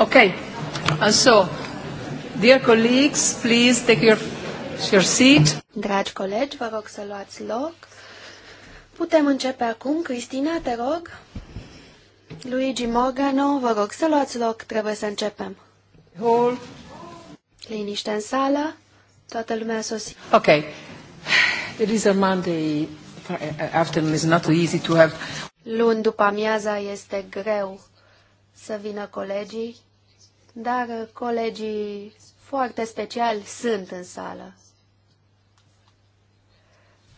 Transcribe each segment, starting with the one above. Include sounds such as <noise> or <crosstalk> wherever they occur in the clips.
Okay. And so, dear colleagues, please take your, your seat. Dragi colegi, vă rog să luați loc. Putem începe acum. Cristina, te rog. Luigi Morgano, vă rog să luați loc. Trebuie să începem. Hol. Liniște în sală. Toată lumea a sosit. Ok. It is a Monday afternoon. It's not easy to have... Luni după amiaza este greu să vină colegii dar colegii foarte speciali sunt în sală.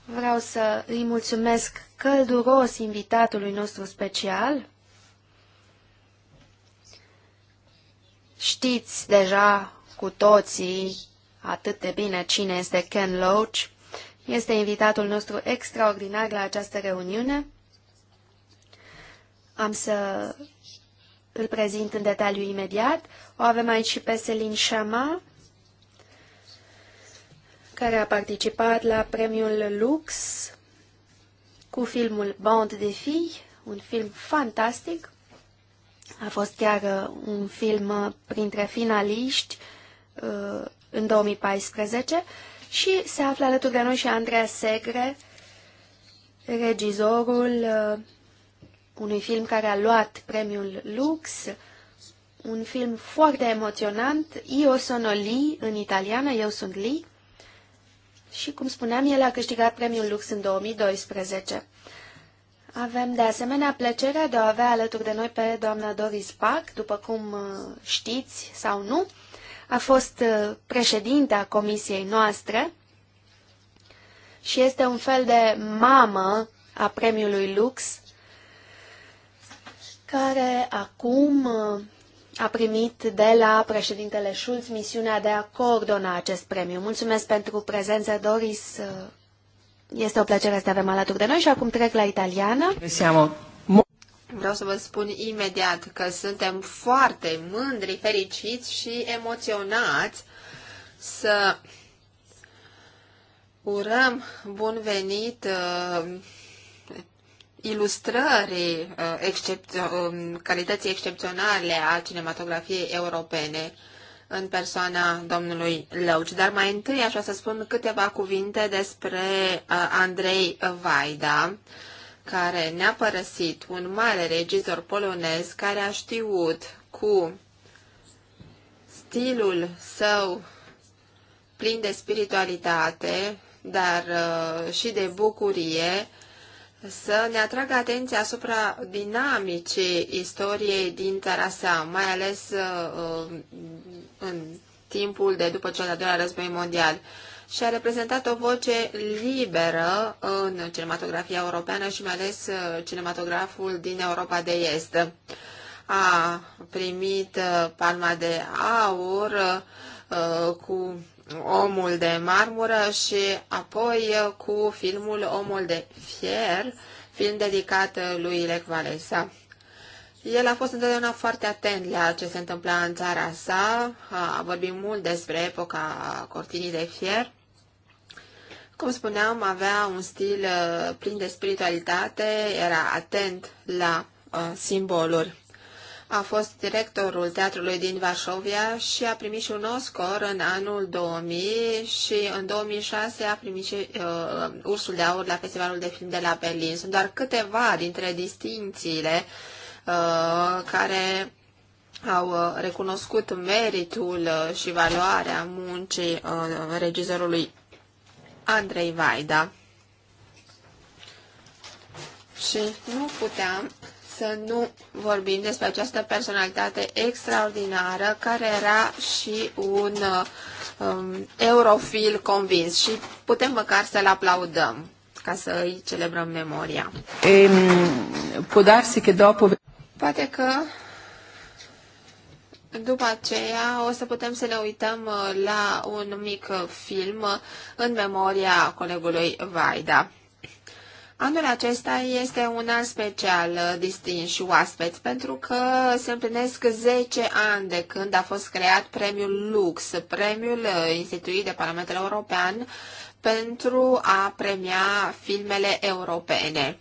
Vreau să îi mulțumesc călduros invitatului nostru special. Știți deja cu toții atât de bine cine este Ken Loach. Este invitatul nostru extraordinar la această reuniune. Am să îl prezint în detaliu imediat. O avem aici și pe Selin Shama, care a participat la premiul Lux cu filmul Band de fii, un film fantastic. A fost chiar uh, un film uh, printre finaliști uh, în 2014 și se află alături de noi și Andreea Segre, regizorul unui film care a luat premiul Lux, un film foarte emoționant, Io sono Li în italiană, Eu sunt Li. și, cum spuneam, el a câștigat premiul Lux în 2012. Avem, de asemenea, plăcerea de a avea alături de noi pe doamna Doris Pac, după cum uh, știți sau nu, a fost uh, președintea comisiei noastre și este un fel de mamă a premiului Lux, care acum uh, a primit de la președintele Schulz misiunea de a coordona acest premiu. Mulțumesc pentru prezență, Doris. Este o plăcere să te avem alături de noi și acum trec la italiană. Vreau să vă spun imediat că suntem foarte mândri, fericiți și emoționați să urăm bun venit uh, ilustrări uh, excep- um, calității excepționale a cinematografiei europene în persoana domnului Lăuci. Dar mai întâi aș vrea să spun câteva cuvinte despre uh, Andrei Vaida, care ne-a părăsit un mare regizor polonez care a știut cu stilul său plin de spiritualitate, dar uh, și de bucurie, să ne atragă atenția asupra dinamicii istoriei din țara sa, mai ales uh, uh, în timpul de după cel de-al doilea război mondial și a reprezentat o voce liberă în cinematografia europeană și mai ales uh, cinematograful din Europa de Est. A primit palma de aur cu Omul de marmură și apoi uh, cu filmul Omul de fier, film dedicat uh, lui Lech Walesa. El a fost întotdeauna foarte atent la ce se întâmpla în țara sa, a vorbit mult despre epoca cortinii de fier. Cum spuneam, avea un stil uh, plin de spiritualitate, era atent la uh, simboluri a fost directorul teatrului din Varșovia și a primit și un Oscar în anul 2000 și în 2006 a primit și uh, Ursul de Aur la Festivalul de Film de la Berlin. Sunt doar câteva dintre distințiile uh, care au uh, recunoscut meritul și valoarea muncii uh, regizorului Andrei Vaida. Și nu puteam să nu vorbim despre această personalitate extraordinară care era și un um, eurofil convins și putem măcar să-l aplaudăm ca să îi celebrăm memoria. E, ehm, può că dopo... Poate că după aceea o să putem să ne uităm uh, la un mic uh, film uh, în memoria colegului Vaida. Anul acesta este un an special uh, distinși oaspeți pentru că se împlinesc 10 ani de când a fost creat premiul Lux, premiul uh, instituit de Parlamentul European pentru a premia filmele europene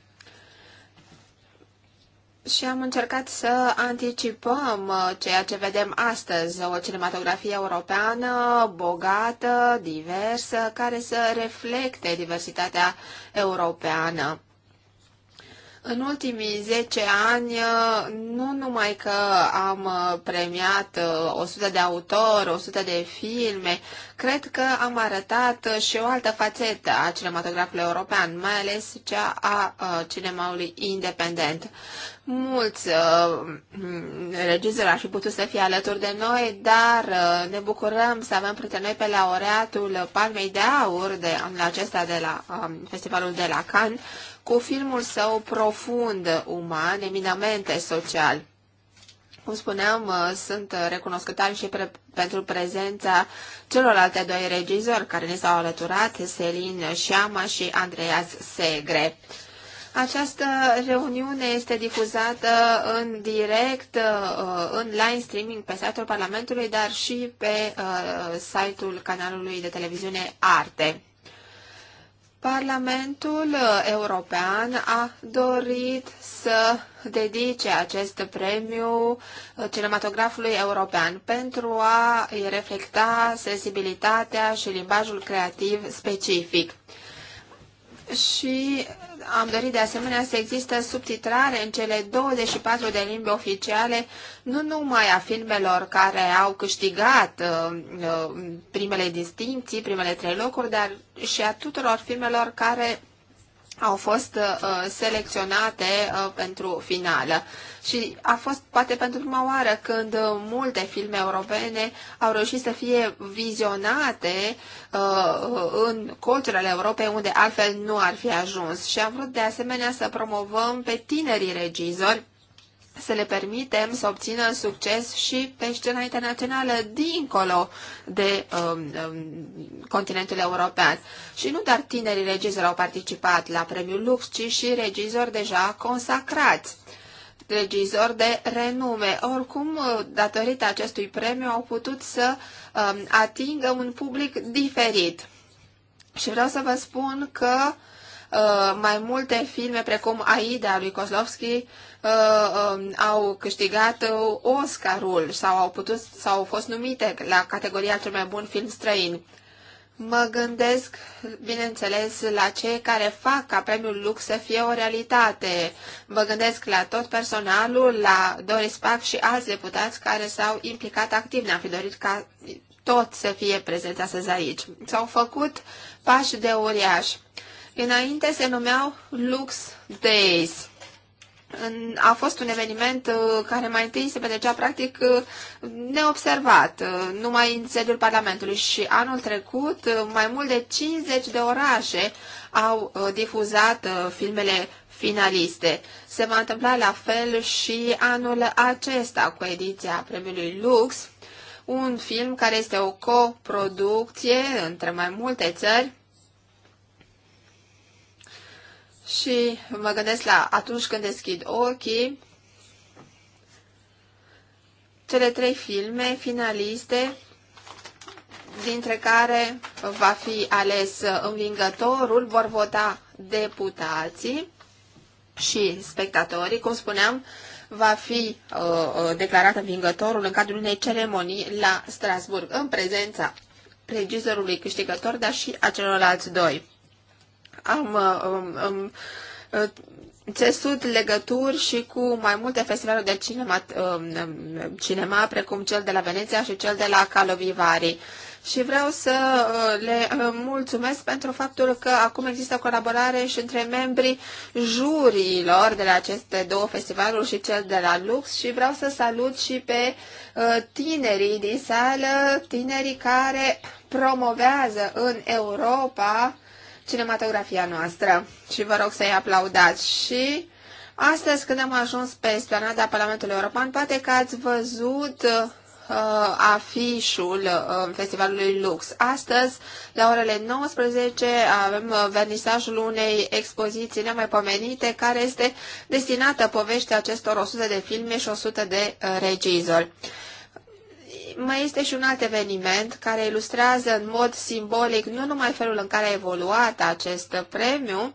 și am încercat să anticipăm uh, ceea ce vedem astăzi, o cinematografie europeană bogată, diversă, care să reflecte diversitatea europeană. În ultimii 10 ani, nu numai că am premiat 100 uh, de autori, 100 de filme, cred că am arătat uh, și o altă fațetă a cinematografului european, mai ales cea a uh, cinemaului independent. Mulți mm, regizori ar fi putut să fie alături de noi, dar ne bucurăm să avem printre noi pe laureatul Palmei de Aur de anul acesta de la um, Festivalul de la Cannes, cu filmul său profund uman, eminamente social. Cum spuneam, uh, sunt recunoscători și pre- pentru prezența celorlalte doi regizori care ne s-au alăturat, Selin Șama și Andreas Segre. Această reuniune este difuzată în direct, uh, în live streaming pe site-ul Parlamentului, dar și pe uh, site-ul canalului de televiziune Arte. Parlamentul uh, European a dorit să dedice acest premiu uh, cinematografului european pentru a reflecta sensibilitatea și limbajul creativ specific. Și am dorit de asemenea să există subtitrare în cele 24 de limbi oficiale, nu numai a filmelor care au câștigat uh, uh, primele distinții, primele trei locuri, dar și a tuturor filmelor care au fost uh, selecționate uh, pentru finală. Și a fost poate pentru prima oară când uh, multe filme europene au reușit să fie vizionate uh, în colțurile Europei unde altfel nu ar fi ajuns. Și am vrut de asemenea să promovăm pe tinerii regizori să le permitem să obțină succes și pe scena internațională dincolo de um, um, continentul european. Și nu doar tinerii regizori au participat la premiul Lux, ci și regizori deja consacrați regizori de renume. Oricum, datorită acestui premiu, au putut să um, atingă un public diferit. Și vreau să vă spun că uh, Uh, mai multe filme precum Aida lui Kozlovski uh, um, au câștigat uh, Oscarul sau au, putut, sau au fost numite la categoria cel mai bun film străin. Mă gândesc, bineînțeles, la cei care fac ca premiul Lux să fie o realitate. Mă gândesc la tot personalul, la Doris Pac și alți deputați care s-au implicat activ. Ne-am fi dorit ca tot să fie prezenți astăzi aici. S-au făcut pași de uriaș. Înainte se numeau Lux Days. A fost un eveniment uh, care mai întâi se petrecea practic uh, neobservat, uh, numai în sediul Parlamentului și anul trecut mai mult de 50 de orașe au difuzat filmele finaliste. Se va întâmpla la fel și anul acesta cu ediția premiului Lux, un film care este o coproducție între mai multe țări și mă gândesc la atunci când deschid ochii, cele trei filme finaliste, dintre care va fi ales învingătorul, vor vota deputații și spectatorii, cum spuneam, va fi uh, uh declarat învingătorul în cadrul unei ceremonii la Strasburg, în prezența regizorului câștigător, dar și a celorlalți doi am um, um, uh, țesut legături și cu mai multe festivaluri de cinema, um, um, cinema, precum cel de la Veneția și cel de la Calovivari. Și vreau să uh, le uh, mulțumesc pentru faptul că acum există colaborare și între membrii juriilor de la aceste două festivaluri și cel de la Lux și vreau să salut și pe tinerii din sală, tinerii care promovează în Europa cinematografia noastră și vă rog să-i aplaudați. Și astăzi când am ajuns pe esplanada Parlamentului European, poate că ați văzut uh, afișul uh, Festivalului Lux. Astăzi, la orele 19, avem uh, vernisajul unei expoziții nemaipomenite care este destinată poveștii acestor 100 de filme și 100 de uh, regizori mai este și un alt eveniment care ilustrează în mod simbolic nu numai felul în care a evoluat acest premiu,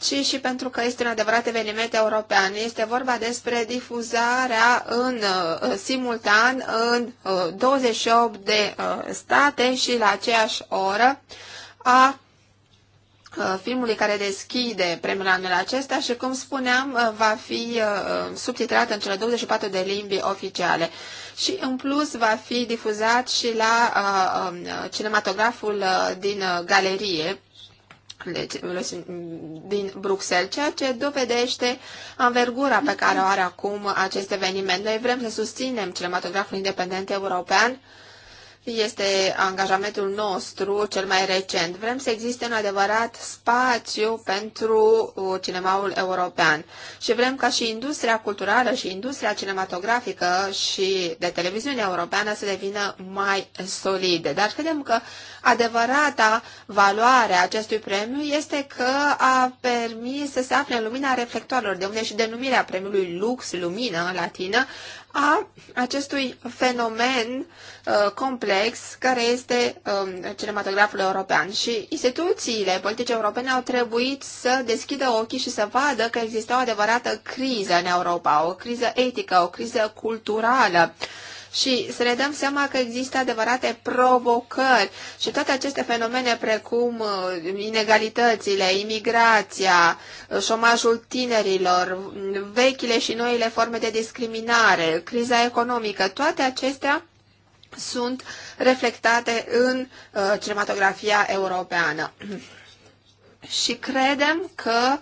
ci și pentru că este un adevărat eveniment european. Este vorba despre difuzarea în uh, simultan în 28 uh, de uh, state și la aceeași oră a filmului care deschide premiul anul acesta și, cum spuneam, va fi subtitrat în cele 24 de limbi oficiale și în plus va fi difuzat și la uh, um, cinematograful uh, din uh, galerie deci, din Bruxelles, ceea ce dovedește anvergura pe care o are acum acest eveniment. Noi vrem să susținem cinematograful independent european este angajamentul nostru cel mai recent. Vrem să existe un adevărat spațiu pentru uh, cinemaul european și vrem ca și industria culturală și industria cinematografică și de televiziune europeană să devină mai solide. Dar credem că adevărata valoare a acestui premiu este că a permis să se afle în lumina reflectoarelor, de unde și denumirea premiului Lux Lumină în latină, a acestui fenomen uh, complex care este um, cinematograful european. Și instituțiile politice europene au trebuit să deschidă ochii și să vadă că există o adevărată criză în Europa, o criză etică, o criză culturală. Uh, și să ne dăm seama că există adevărate provocări și toate aceste fenomene precum uh, inegalitățile, imigrația, uh, șomajul tinerilor, mm, vechile și noile forme de discriminare, criza economică, toate acestea sunt reflectate în uh, cinematografia europeană. <clears throat> și credem că uh,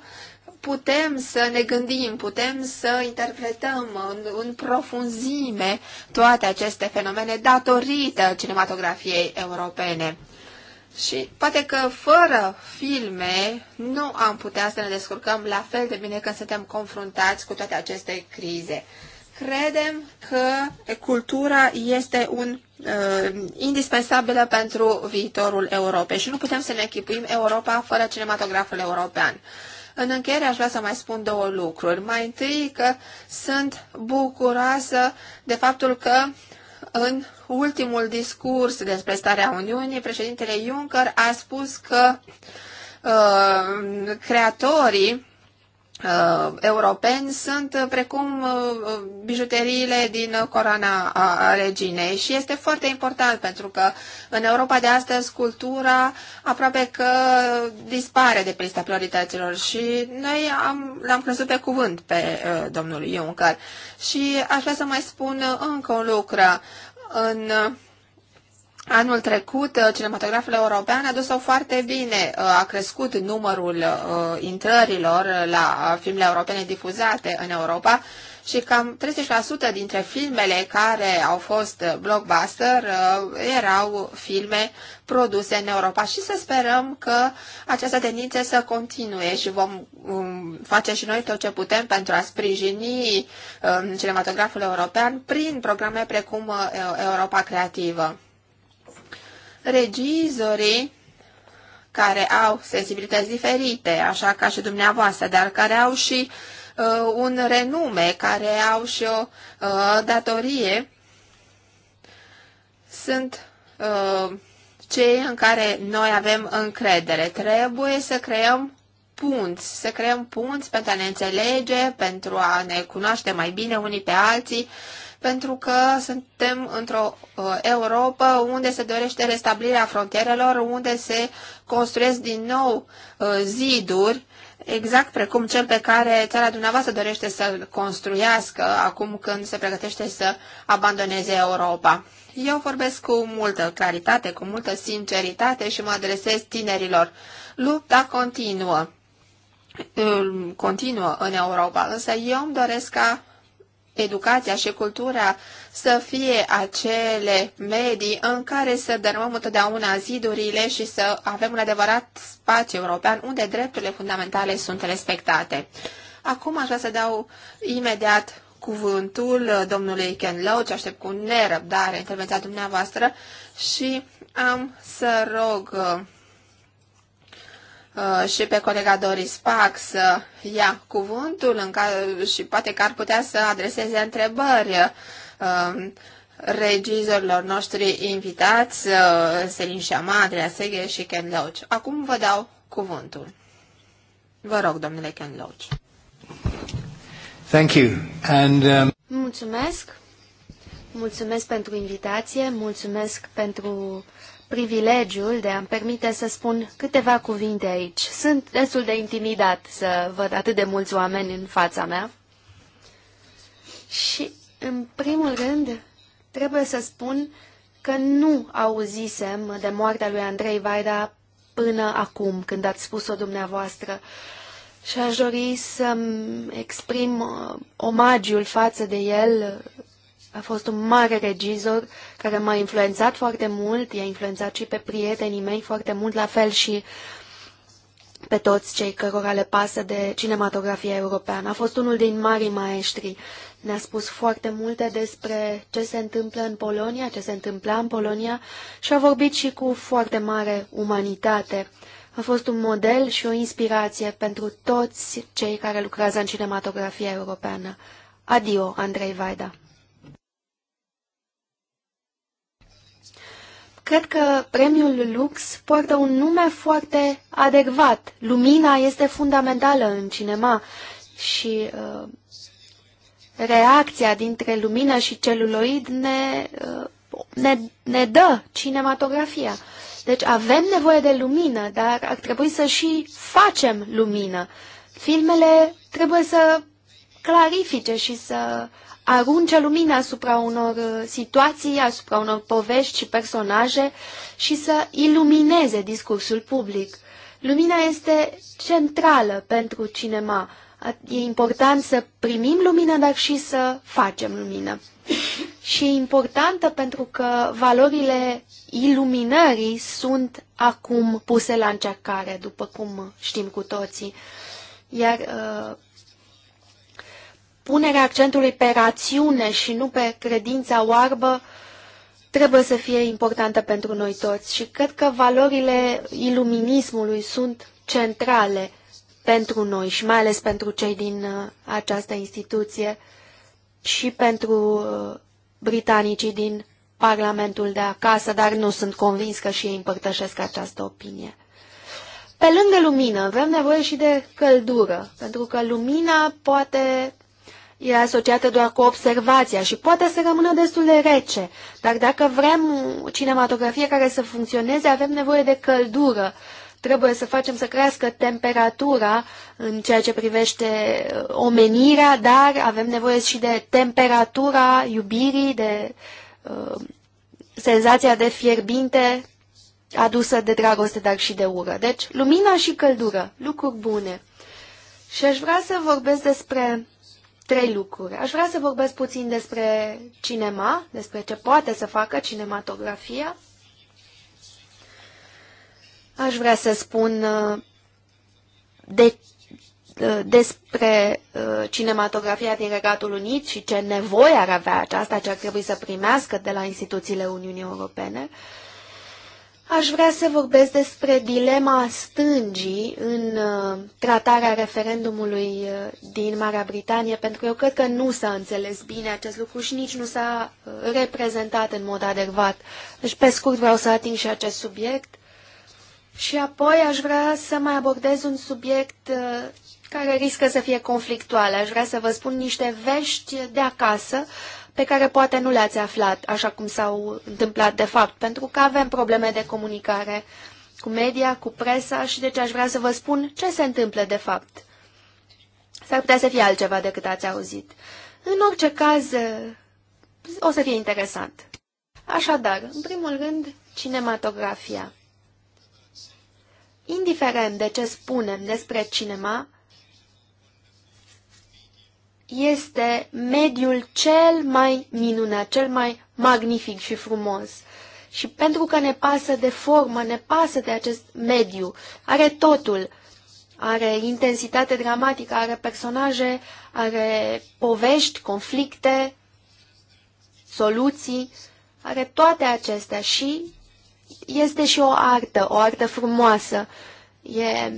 putem să ne gândim, putem să interpretăm în, în profunzime toate aceste fenomene datorită cinematografiei europene. Și poate că fără filme nu am putea să ne descurcăm la fel de bine când suntem confruntați cu toate aceste crize. Credem că cultura este un uh, indispensabilă pentru viitorul Europei și nu putem să ne echipuim Europa fără cinematograful european. Uh, în încheiere aș vrea să mai spun două lucruri. Mai întâi că sunt bucuroasă de faptul că în ultimul discurs despre starea Uniunii, președintele Juncker a spus că uh, creatorii uh, europeni sunt uh, precum uh, uh, bijuteriile din corona a, a reginei și este foarte important pentru că în Europa de astăzi cultura aproape că dispare de pe lista priorităților și noi am, l-am crezut pe cuvânt pe uh, domnul Juncker și aș vrea să mai spun uh, încă un lucru. În uh, Anul trecut, uh, cinematograful european a dus-o foarte bine. Uh, a crescut numărul uh, intrărilor la filmele europene difuzate în Europa și cam 30% dintre filmele care au fost blockbuster erau filme produse în Europa și să sperăm că această tendință să continue și vom um, face și noi tot ce putem pentru a sprijini um, cinematograful european prin programe precum Europa Creativă regizorii care au sensibilități diferite, așa ca și dumneavoastră, dar care au și uh, un renume, care au și o uh, datorie, sunt uh, cei în care noi avem încredere. Trebuie să creăm punți, să creăm punți pentru a ne înțelege, pentru a ne cunoaște mai bine unii pe alții, uh, pentru că suntem într-o uh, Europa unde se dorește restabilirea frontierelor, unde se construiesc din nou uh, ziduri, exact precum cel pe care țara dumneavoastră dorește să-l construiască acum când se pregătește să abandoneze Europa. Eu vorbesc cu multă claritate, cu multă sinceritate și mă adresez tinerilor. Lupta continuă, continuă în Europa, însă eu îmi doresc ca educația și cultura să fie acele medii în care să dărâmăm întotdeauna zidurile și să avem un adevărat spațiu european unde drepturile fundamentale sunt respectate. Acum aș vrea să dau imediat cuvântul domnului Ken Loach, aștept cu nerăbdare intervenția dumneavoastră și am să rog Uh, și pe colega Doris Pac să uh, ia cuvântul în care, și poate că ar putea să adreseze întrebări uh, regizorilor noștri invitați, Selin Șama, Andreea Seghe și Ken Loach. Acum vă dau cuvântul. Vă rog, domnule Ken Loach. Thank you. And, um... Mulțumesc. Mulțumesc pentru invitație, mulțumesc pentru privilegiul de a-mi permite să spun câteva cuvinte aici. Sunt destul de intimidat să văd atât de mulți oameni în fața mea. Și, în primul rând, trebuie să spun că nu auzisem de moartea lui Andrei Vaida până acum, când ați spus-o dumneavoastră. Și aș dori să-mi exprim uh, omagiul față de el a fost un mare regizor care m-a influențat foarte mult, i-a influențat și pe prietenii mei foarte mult, la fel și pe toți cei cărora le pasă de cinematografia europeană. A fost unul din marii maestri. Ne-a spus foarte multe despre ce se întâmplă în Polonia, ce se întâmpla în Polonia și a vorbit și cu foarte mare umanitate. A fost un model și o inspirație pentru toți cei care lucrează în cinematografia europeană. Adio, Andrei Vaida! Cred că premiul Lux poartă un nume foarte adecvat. Lumina este fundamentală în cinema și uh, reacția dintre lumină și celuloid ne, uh, ne, ne dă cinematografia. Deci avem nevoie de lumină, dar ar trebui să și facem lumină. Filmele trebuie să clarifice și să arunce lumina asupra unor uh, situații, asupra unor povești și personaje și să ilumineze discursul public. Lumina este centrală pentru cinema. E important să primim lumină, dar și să facem lumină. Și e importantă pentru că valorile iluminării sunt acum puse la încercare, după cum știm cu toții. Iar uh, punerea accentului pe rațiune și nu pe credința oarbă trebuie să fie importantă pentru noi toți și cred că valorile iluminismului sunt centrale pentru noi și mai ales pentru cei din uh, această instituție și pentru uh, britanicii din Parlamentul de acasă, dar nu sunt convins că și ei împărtășesc această opinie. Pe lângă lumină, avem nevoie și de căldură, pentru că lumina poate e asociată doar cu observația și poate să rămână destul de rece. Dar dacă vrem cinematografie care să funcționeze, avem nevoie de căldură. Trebuie să facem să crească temperatura în ceea ce privește uh, omenirea, dar avem nevoie și de temperatura iubirii, de uh, senzația de fierbinte adusă de dragoste, dar și de ură. Deci, lumina și căldură, lucruri bune. Și aș vrea să vorbesc despre trei lucruri. Aș vrea să vorbesc puțin despre cinema, despre ce poate să facă cinematografia. Aș vrea să spun uh, de, uh, despre uh, cinematografia din Regatul Unit și ce nevoie ar avea aceasta, ce ar trebui să primească de la instituțiile Uniunii Europene. Uh, Aș vrea să vorbesc despre dilema stângii în uh, tratarea referendumului uh, din Marea Britanie, pentru că eu cred că nu s-a înțeles bine acest lucru și nici nu s-a uh, reprezentat în mod adecvat. Deci, pe scurt, vreau să ating și acest subiect. Și apoi aș vrea să mai abordez un subiect care riscă să fie conflictual. Aș vrea să vă spun niște vești de acasă pe care poate nu le-ați aflat, așa cum s-au întâmplat de fapt, pentru că avem probleme de comunicare cu media, cu presa și deci aș vrea să vă spun ce se întâmplă de fapt. S-ar putea să fie altceva decât ați auzit. În orice caz, o să fie interesant. Așadar, în primul rând, cinematografia. Indiferent de ce spunem despre cinema, este mediul cel mai minunat, cel mai magnific și frumos. Și pentru că ne pasă de formă, ne pasă de acest mediu, are totul. Are intensitate dramatică, are personaje, are povești, conflicte, soluții, are toate acestea și este și o artă, o artă frumoasă. E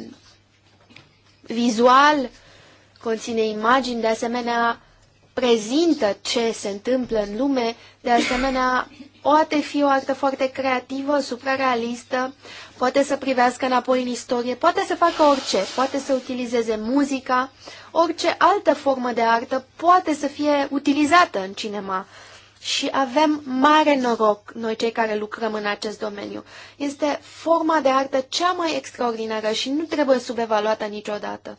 vizual, uh, conține imagini, de asemenea prezintă ce se întâmplă în lume, de asemenea poate fi o artă foarte creativă, suprarealistă, poate să privească înapoi în istorie, poate să facă orice, poate să utilizeze muzica, orice altă formă de artă poate să fie utilizată în cinema. Și avem mare noroc noi cei care lucrăm în acest domeniu. Este forma de artă cea mai extraordinară și nu trebuie subevaluată niciodată.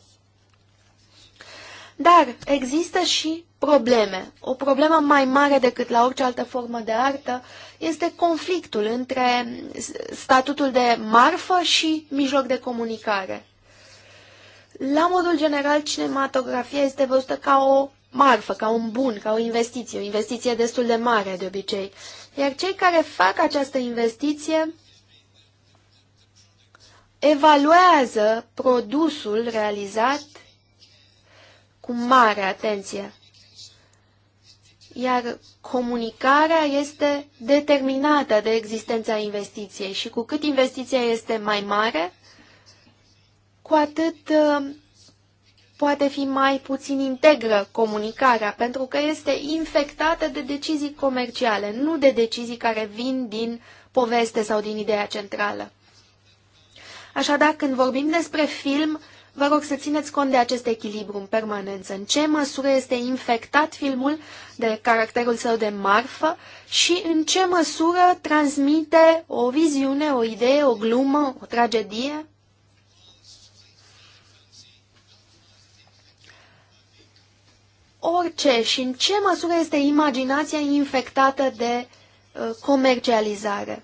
Dar există și probleme. O problemă mai mare decât la orice altă formă de artă este conflictul între statutul de marfă și mijloc de comunicare. La modul general, cinematografia este văzută ca o marfă, ca un bun, ca o investiție, o investiție destul de mare de obicei. Iar cei care fac această investiție evaluează produsul realizat cu mare atenție. Iar comunicarea este determinată de existența investiției și cu cât investiția este mai mare, cu atât uh, poate fi mai puțin integră comunicarea, pentru că este infectată de decizii comerciale, nu de decizii care vin din poveste sau din ideea centrală. Așadar, când vorbim despre film, Vă rog să țineți cont de acest echilibru în permanență, în ce măsură este infectat filmul de caracterul său de marfă și în ce măsură transmite o viziune, o idee, o glumă, o tragedie. Orice și în ce măsură este imaginația infectată de uh, comercializare.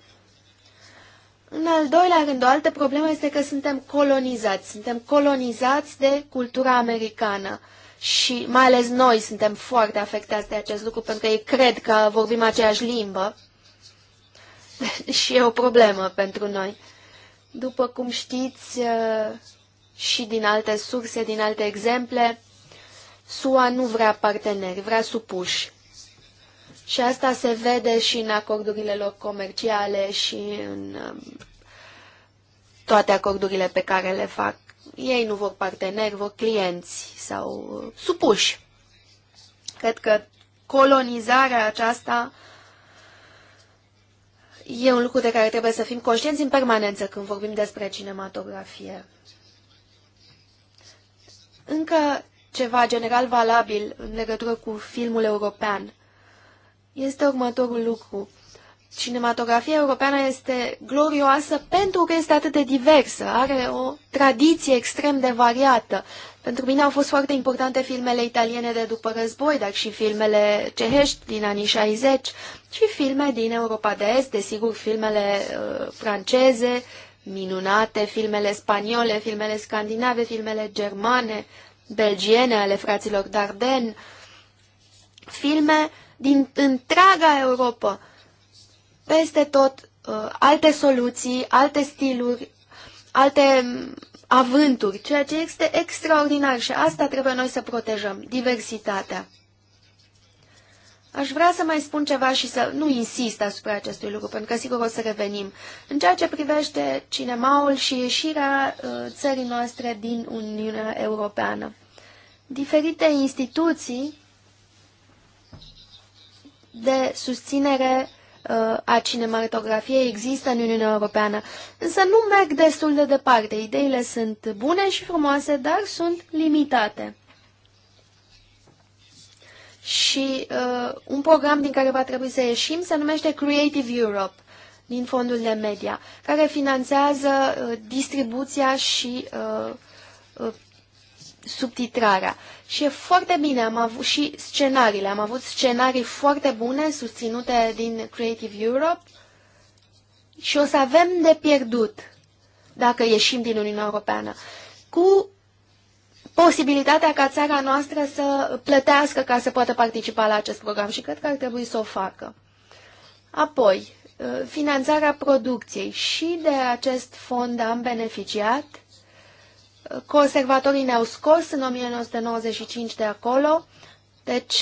În al doilea rând, o altă problemă este că suntem colonizați. Suntem colonizați de cultura americană. Și mai ales noi suntem foarte afectați de acest lucru, pentru că ei cred că vorbim aceeași limbă. <laughs> și e o problemă pentru noi. După cum știți uh, și din alte surse, din alte exemple, SUA nu vrea parteneri, vrea supuși. Și asta se vede și în acordurile lor comerciale și în um, toate acordurile pe care le fac. Ei nu vor parteneri, vor clienți sau uh, supuși. Cred că colonizarea aceasta e un lucru de care trebuie să fim conștienți în permanență când vorbim despre cinematografie. Încă ceva general valabil în legătură cu filmul european – este următorul lucru. Cinematografia europeană este glorioasă pentru că este atât de diversă, are o tradiție extrem de variată. Pentru mine au fost foarte importante filmele italiene de după război, dar și filmele cehești din anii 60 și filme din Europa de Est, desigur filmele uh, franceze, minunate, filmele spaniole, filmele scandinave, filmele germane, belgiene ale fraților Darden, filme uh, din întreaga Europa, peste tot, uh, alte soluții, alte stiluri, alte mm, avânturi, ceea ce este extraordinar și asta trebuie noi să protejăm, diversitatea. Aș vrea să mai spun ceva și să nu insist asupra acestui lucru, pentru că sigur o să revenim. În ceea ce privește cinemaul și ieșirea uh, țării noastre din Uniunea Europeană, diferite instituții de susținere uh, a cinematografiei există în Uniunea Europeană, însă nu merg destul de departe. Ideile sunt bune și frumoase, dar sunt limitate. Și uh, un program din care va trebui să ieșim se numește Creative Europe din fondul de media, care finanțează uh, distribuția și uh, uh subtitrarea. Și e foarte bine, am avut și scenariile, am avut scenarii foarte bune susținute din Creative Europe și o să avem de pierdut dacă ieșim din Uniunea Europeană. Cu posibilitatea ca țara noastră să plătească ca să poată participa la acest program și cred că ar trebui să o facă. Apoi, uh, finanțarea producției și de acest fond am beneficiat Conservatorii ne-au scos în 1995 de acolo, deci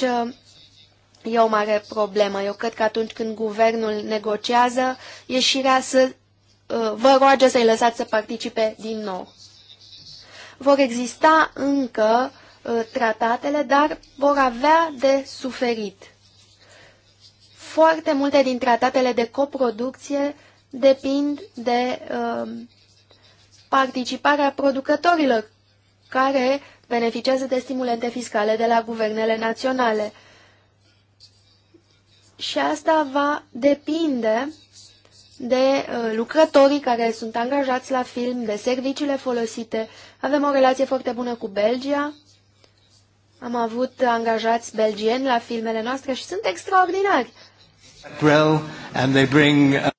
e o mare problemă. Eu cred că atunci când guvernul negociază, ieșirea să ă, vă roage să-i lăsați să participe din nou. Vor exista încă ă, tratatele, dar vor avea de suferit. Foarte multe din tratatele de coproducție depind de uh, participarea producătorilor, care beneficiază de stimulente fiscale de la guvernele naționale. Și asta va depinde de uh, lucrătorii care sunt angajați la film, de serviciile folosite. Avem o relație foarte bună cu Belgia. Am avut angajați belgieni la filmele noastre și sunt extraordinari. Uh,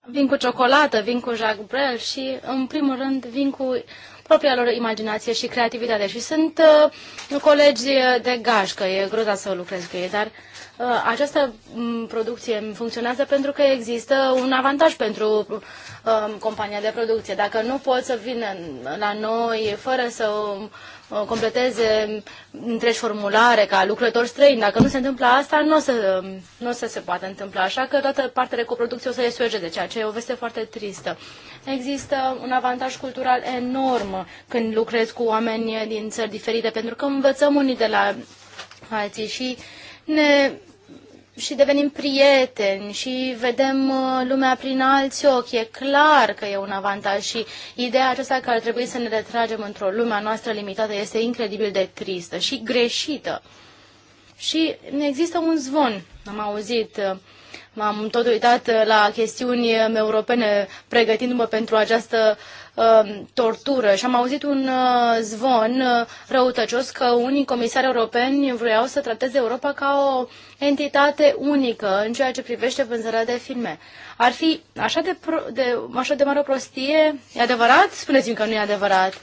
vin cu ciocolată, vin cu Jacques Brel și, în primul rând, vin cu propria lor imaginație și creativitate. Și sunt uh, colegi de gașcă, e groza să lucrez cu ei, dar uh, Uh, această mm, producție funcționează pentru că există un avantaj pentru um, compania de producție. Dacă nu pot să vină la noi fără să uh, completeze întregi formulare ca lucrători străini, dacă nu se întâmplă asta, nu o să, um, nu o să se poată întâmpla. Așa că toată partea de coproducție o să de ceea ce e o veste foarte tristă. Există un avantaj cultural enorm când lucrezi cu oameni din țări diferite, pentru că învățăm unii de la alții și uh, ne și devenim prieteni și vedem uh, lumea prin alți ochi. E clar că e un avantaj și ideea aceasta că ar trebui să ne retragem într-o lume noastră limitată este incredibil de tristă și greșită. Și există un zvon, am auzit, uh, m-am tot uitat uh, la chestiuni europene pregătindu-mă pentru această uh, Um, tortură și am auzit un uh, zvon uh, răutăcios că unii comisari europeni vreau să trateze Europa ca o entitate unică în ceea ce privește vânzarea de filme. Ar fi așa de, pro, de, așa de mare o prostie? E adevărat? Spuneți-mi că nu e adevărat.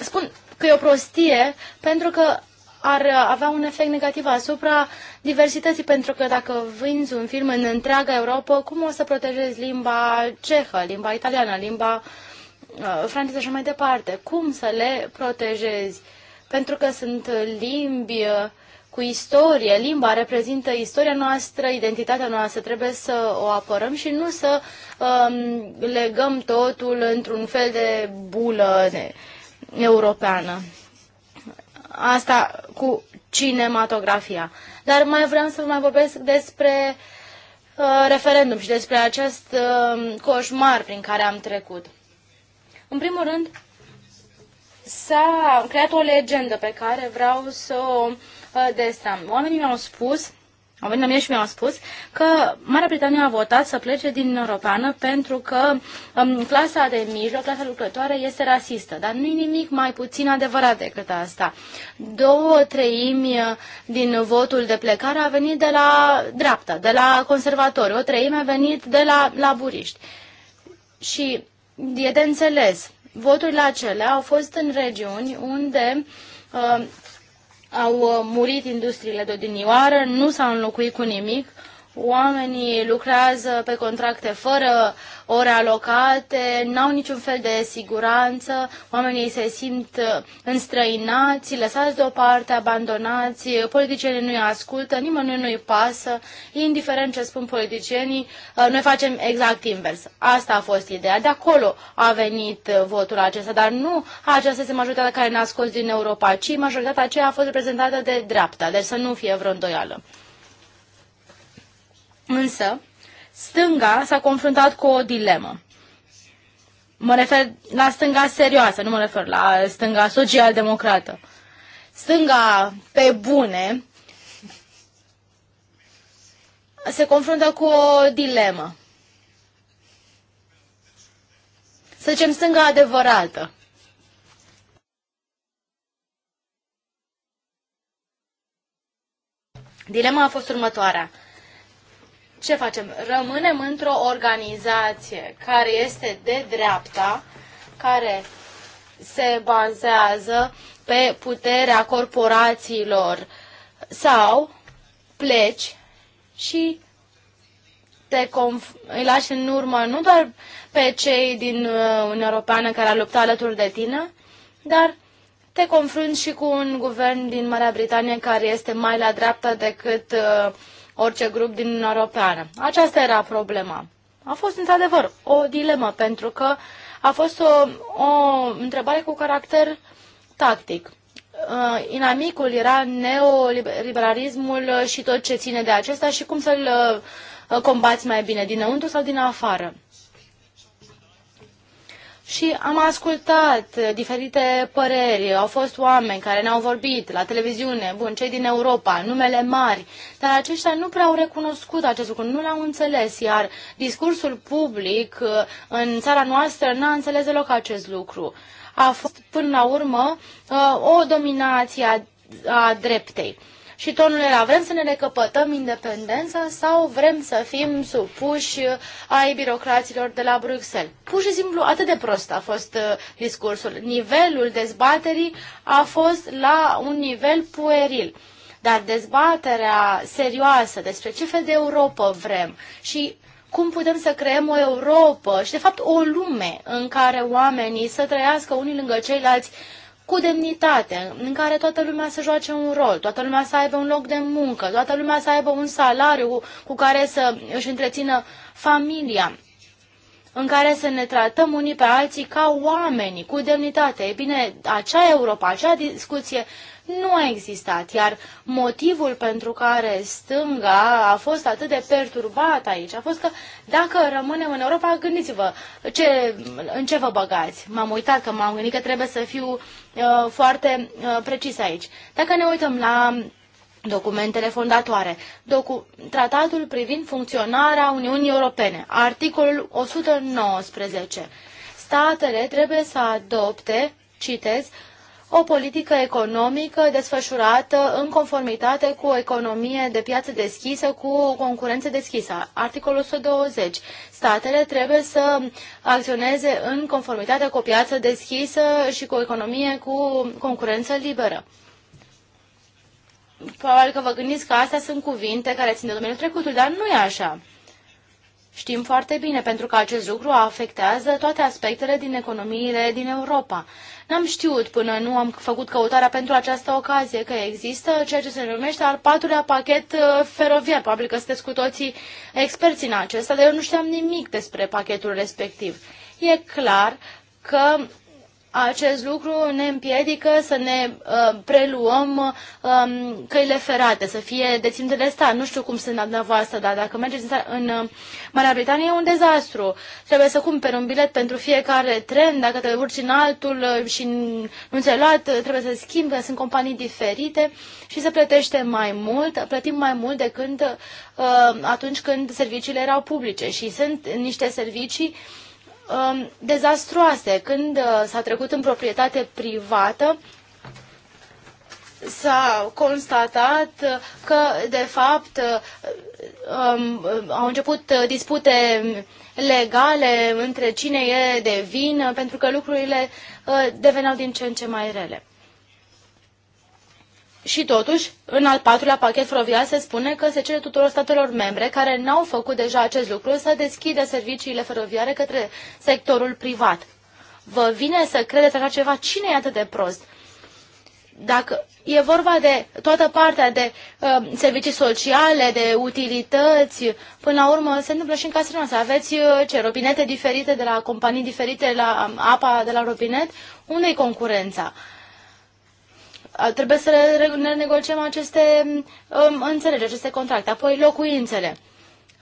Spun că e o prostie pentru că ar avea un efect negativ asupra diversității, pentru că dacă vinzi un film în întreaga Europa, cum o să protejezi limba cehă, limba italiană, limba uh, franceză și mai departe? Cum să le protejezi? Pentru că sunt limbi uh, cu istorie, limba reprezintă istoria noastră, identitatea noastră, trebuie să o apărăm și nu să um, legăm totul într-un fel de bulă de, europeană asta cu cinematografia. Dar mai vreau să vă mai vorbesc despre uh, referendum și despre acest uh, coșmar prin care am trecut. În primul rând, s-a creat o legendă pe care vreau să o uh, destam. Oamenii mi-au spus au venit la mine și mi-au spus că Marea Britanie a votat să plece din Europeană pentru că um, clasa de mijloc, clasa lucrătoare, este rasistă. Dar nu e nimic mai puțin adevărat decât asta. Două treimi uh, din votul de plecare a venit de la dreapta, de la conservatori. O treime a venit de la laburiști. Și e de înțeles. Voturile acelea au fost în regiuni unde uh, au uh, murit industriile de odinioară, nu s-au înlocuit cu nimic, oamenii lucrează pe contracte fără ore alocate, n-au niciun fel de siguranță, oamenii se simt uh, înstrăinați, lăsați deoparte, abandonați, politicienii nu-i ascultă, nimănui nu-i pasă, indiferent ce spun politicienii, uh, noi facem exact invers. Asta a fost ideea. De acolo a venit uh, votul acesta, dar nu aceasta este majoritatea care ne-a scos din Europa, ci majoritatea aceea a fost reprezentată de dreapta, deci să nu fie vreo îndoială. Însă, stânga s-a confruntat cu o dilemă. Mă refer la stânga serioasă, nu mă refer la stânga social-democrată. Stânga pe bune se confruntă cu o dilemă. Să zicem stânga adevărată. Dilema a fost următoarea ce facem? Rămânem într-o organizație care este de dreapta, care se bazează pe puterea corporațiilor sau pleci și te conf- îi lași în urmă nu doar pe cei din uh, Uniunea Europeană care a luptat alături de tine, dar te confrunți și cu un guvern din Marea Britanie care este mai la dreapta decât uh, orice grup din Uniunea Europeană. Aceasta era problema. A fost într-adevăr o dilemă, pentru că a fost o, o întrebare cu caracter tactic. Uh, inamicul era neoliberalismul și tot ce ține de acesta și cum să-l uh, combați mai bine, dinăuntru sau din afară și am ascultat eh, diferite păreri, au fost oameni care ne-au vorbit la televiziune, bun, cei din Europa, numele mari, dar aceștia nu prea au recunoscut acest lucru, nu l-au înțeles, iar discursul public eh, în țara noastră n-a înțeles deloc acest lucru. A fost, până la urmă, eh, o dominație a, a dreptei și tonul era vrem să ne recăpătăm independența sau vrem să fim supuși ai birocraților de la Bruxelles. Pur și simplu atât de prost a fost uh, discursul. Nivelul dezbaterii a fost la un nivel pueril. Dar dezbaterea serioasă despre ce fel de Europa vrem și cum putem să creăm o Europa și, de fapt, o lume în care oamenii să trăiască unii lângă ceilalți cu demnitate, în care toată lumea să joace un rol, toată lumea să aibă un loc de muncă, toată lumea să aibă un salariu cu care să își întrețină familia, în care să ne tratăm unii pe alții ca oameni, cu demnitate. E bine, acea Europa, acea discuție nu a existat, iar motivul pentru care stânga a fost atât de perturbat aici a fost că dacă rămânem în Europa, gândiți-vă ce, în ce vă băgați. M-am uitat că m-am gândit că trebuie să fiu uh, foarte uh, precis aici. Dacă ne uităm la Documentele fondatoare. Docu Tratatul privind funcționarea Uniunii Europene. Articolul 119. Statele trebuie să adopte, citez, o politică economică desfășurată în conformitate cu o economie de piață deschisă, cu o concurență deschisă. Articolul 120. Statele trebuie să acționeze în conformitate cu o piață deschisă și cu o economie cu concurență liberă. Probabil că vă gândiți că astea sunt cuvinte care țin de domeniul trecutului, dar nu e așa. Știm foarte bine, pentru că acest lucru afectează toate aspectele din economiile din Europa. N-am știut până nu am făcut căutarea pentru această ocazie că există ceea ce se numește al patrulea pachet uh, feroviar. Probabil că sunteți cu toții experți în acesta, dar eu nu știam nimic despre pachetul respectiv. E clar că acest lucru ne împiedică să ne uh, preluăm uh, căile ferate, să fie deținute de stat. Nu știu cum sunt dumneavoastră, dar dacă mergeți în, în uh, Marea Britanie e un dezastru. Trebuie să cumperi un bilet pentru fiecare tren, dacă te urci în altul uh, și nu ți luat, uh, trebuie să schimbi, că sunt companii diferite și să plătește mai mult, plătim mai mult decât uh, atunci când serviciile erau publice și sunt niște servicii uh, dezastruoase. Um, dezastroase. Când uh, s-a trecut în proprietate privată, s-a constatat uh, că, de fapt, uh, um, au început dispute legale între cine e de vină, pentru că lucrurile deveneau din ce în ce mai rele. Și totuși, în al patrulea pachet feroviar se spune că se cere tuturor statelor membre care n-au făcut deja acest lucru să deschidă serviciile feroviare către sectorul privat. Vă vine să credeți așa ceva? Cine e atât de prost? Dacă e vorba de toată partea de uh, servicii sociale, de utilități, până la urmă se întâmplă și în casele noastre. Aveți uh, ce, robinete diferite de la companii diferite la um, apa de la robinet? Unde-i concurența? Uh, trebuie să ne negociem aceste um, înțelegeri, aceste contracte. Apoi locuințele.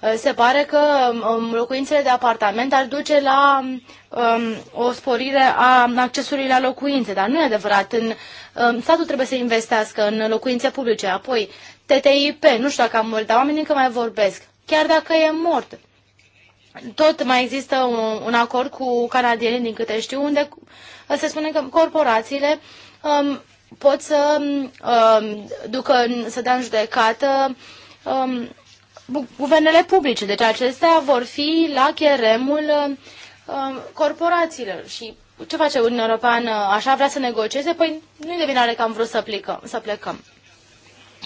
Uh, se pare că um, um, locuințele de apartament ar duce la um, o sporire a accesului la locuințe, dar nu e adevărat. În, um, statul trebuie să investească în locuințe publice, apoi TTIP, nu știu dacă am mult, dar oamenii încă mai vorbesc, chiar dacă e mort. Tot mai există un, un acord cu canadienii, din câte știu, unde se spune că corporațiile um, pot să uh, ducă în, să dea în judecată uh, guvernele publice. Deci acestea vor fi la cheremul uh, corporațiilor. Și ce face Uniunea Europeană? Așa vrea să negocieze? Păi nu-i de vinare că am vrut să, plecăm, să plecăm.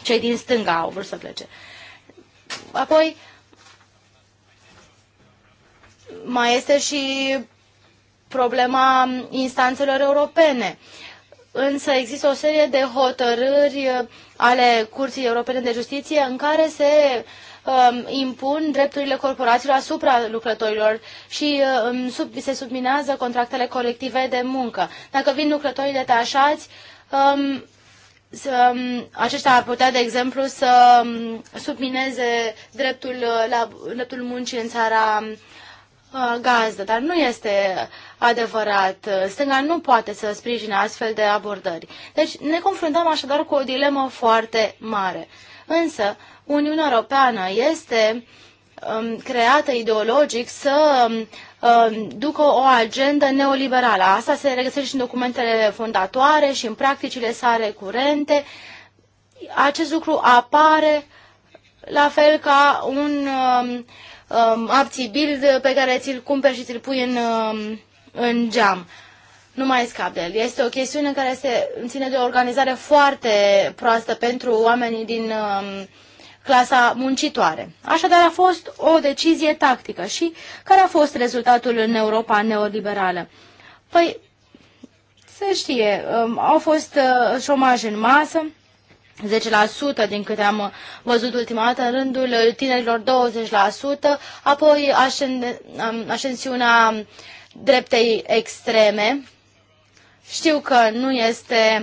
Cei din stânga au vrut să plece. Apoi, mai este și problema instanțelor europene. Uh, însă există o serie de hotărâri uh, ale Curții Europene de Justiție în care se um, impun drepturile corporațiilor asupra lucrătorilor și uh, sub, se subminează contractele colective de muncă. Dacă vin lucrătorii detașați, um, să, um, aceștia ar putea, de exemplu, să um, submineze dreptul, uh, la, dreptul muncii în țara gazdă, dar nu este adevărat. Stânga nu poate să sprijine astfel de abordări. Deci ne confruntăm așadar cu o dilemă foarte mare. Însă, Uniunea Europeană este um, creată ideologic să um, um, ducă o agendă neoliberală. Asta se regăsește și în documentele fondatoare și în practicile sale curente. Acest lucru apare la fel ca un um, um, abțibil pe care ți-l cumperi și ți-l pui în um, în geam. Nu mai scap de el. Este o chestiune care se ține de o organizare foarte proastă pentru oamenii din um, clasa muncitoare. Așadar a fost o decizie tactică și care a fost rezultatul în Europa neoliberală? Păi, se știe, um, au fost uh, șomaje în masă, 10% din câte am văzut ultima dată, în rândul tinerilor 20%, apoi ascensiunea dreptei extreme. Știu că nu este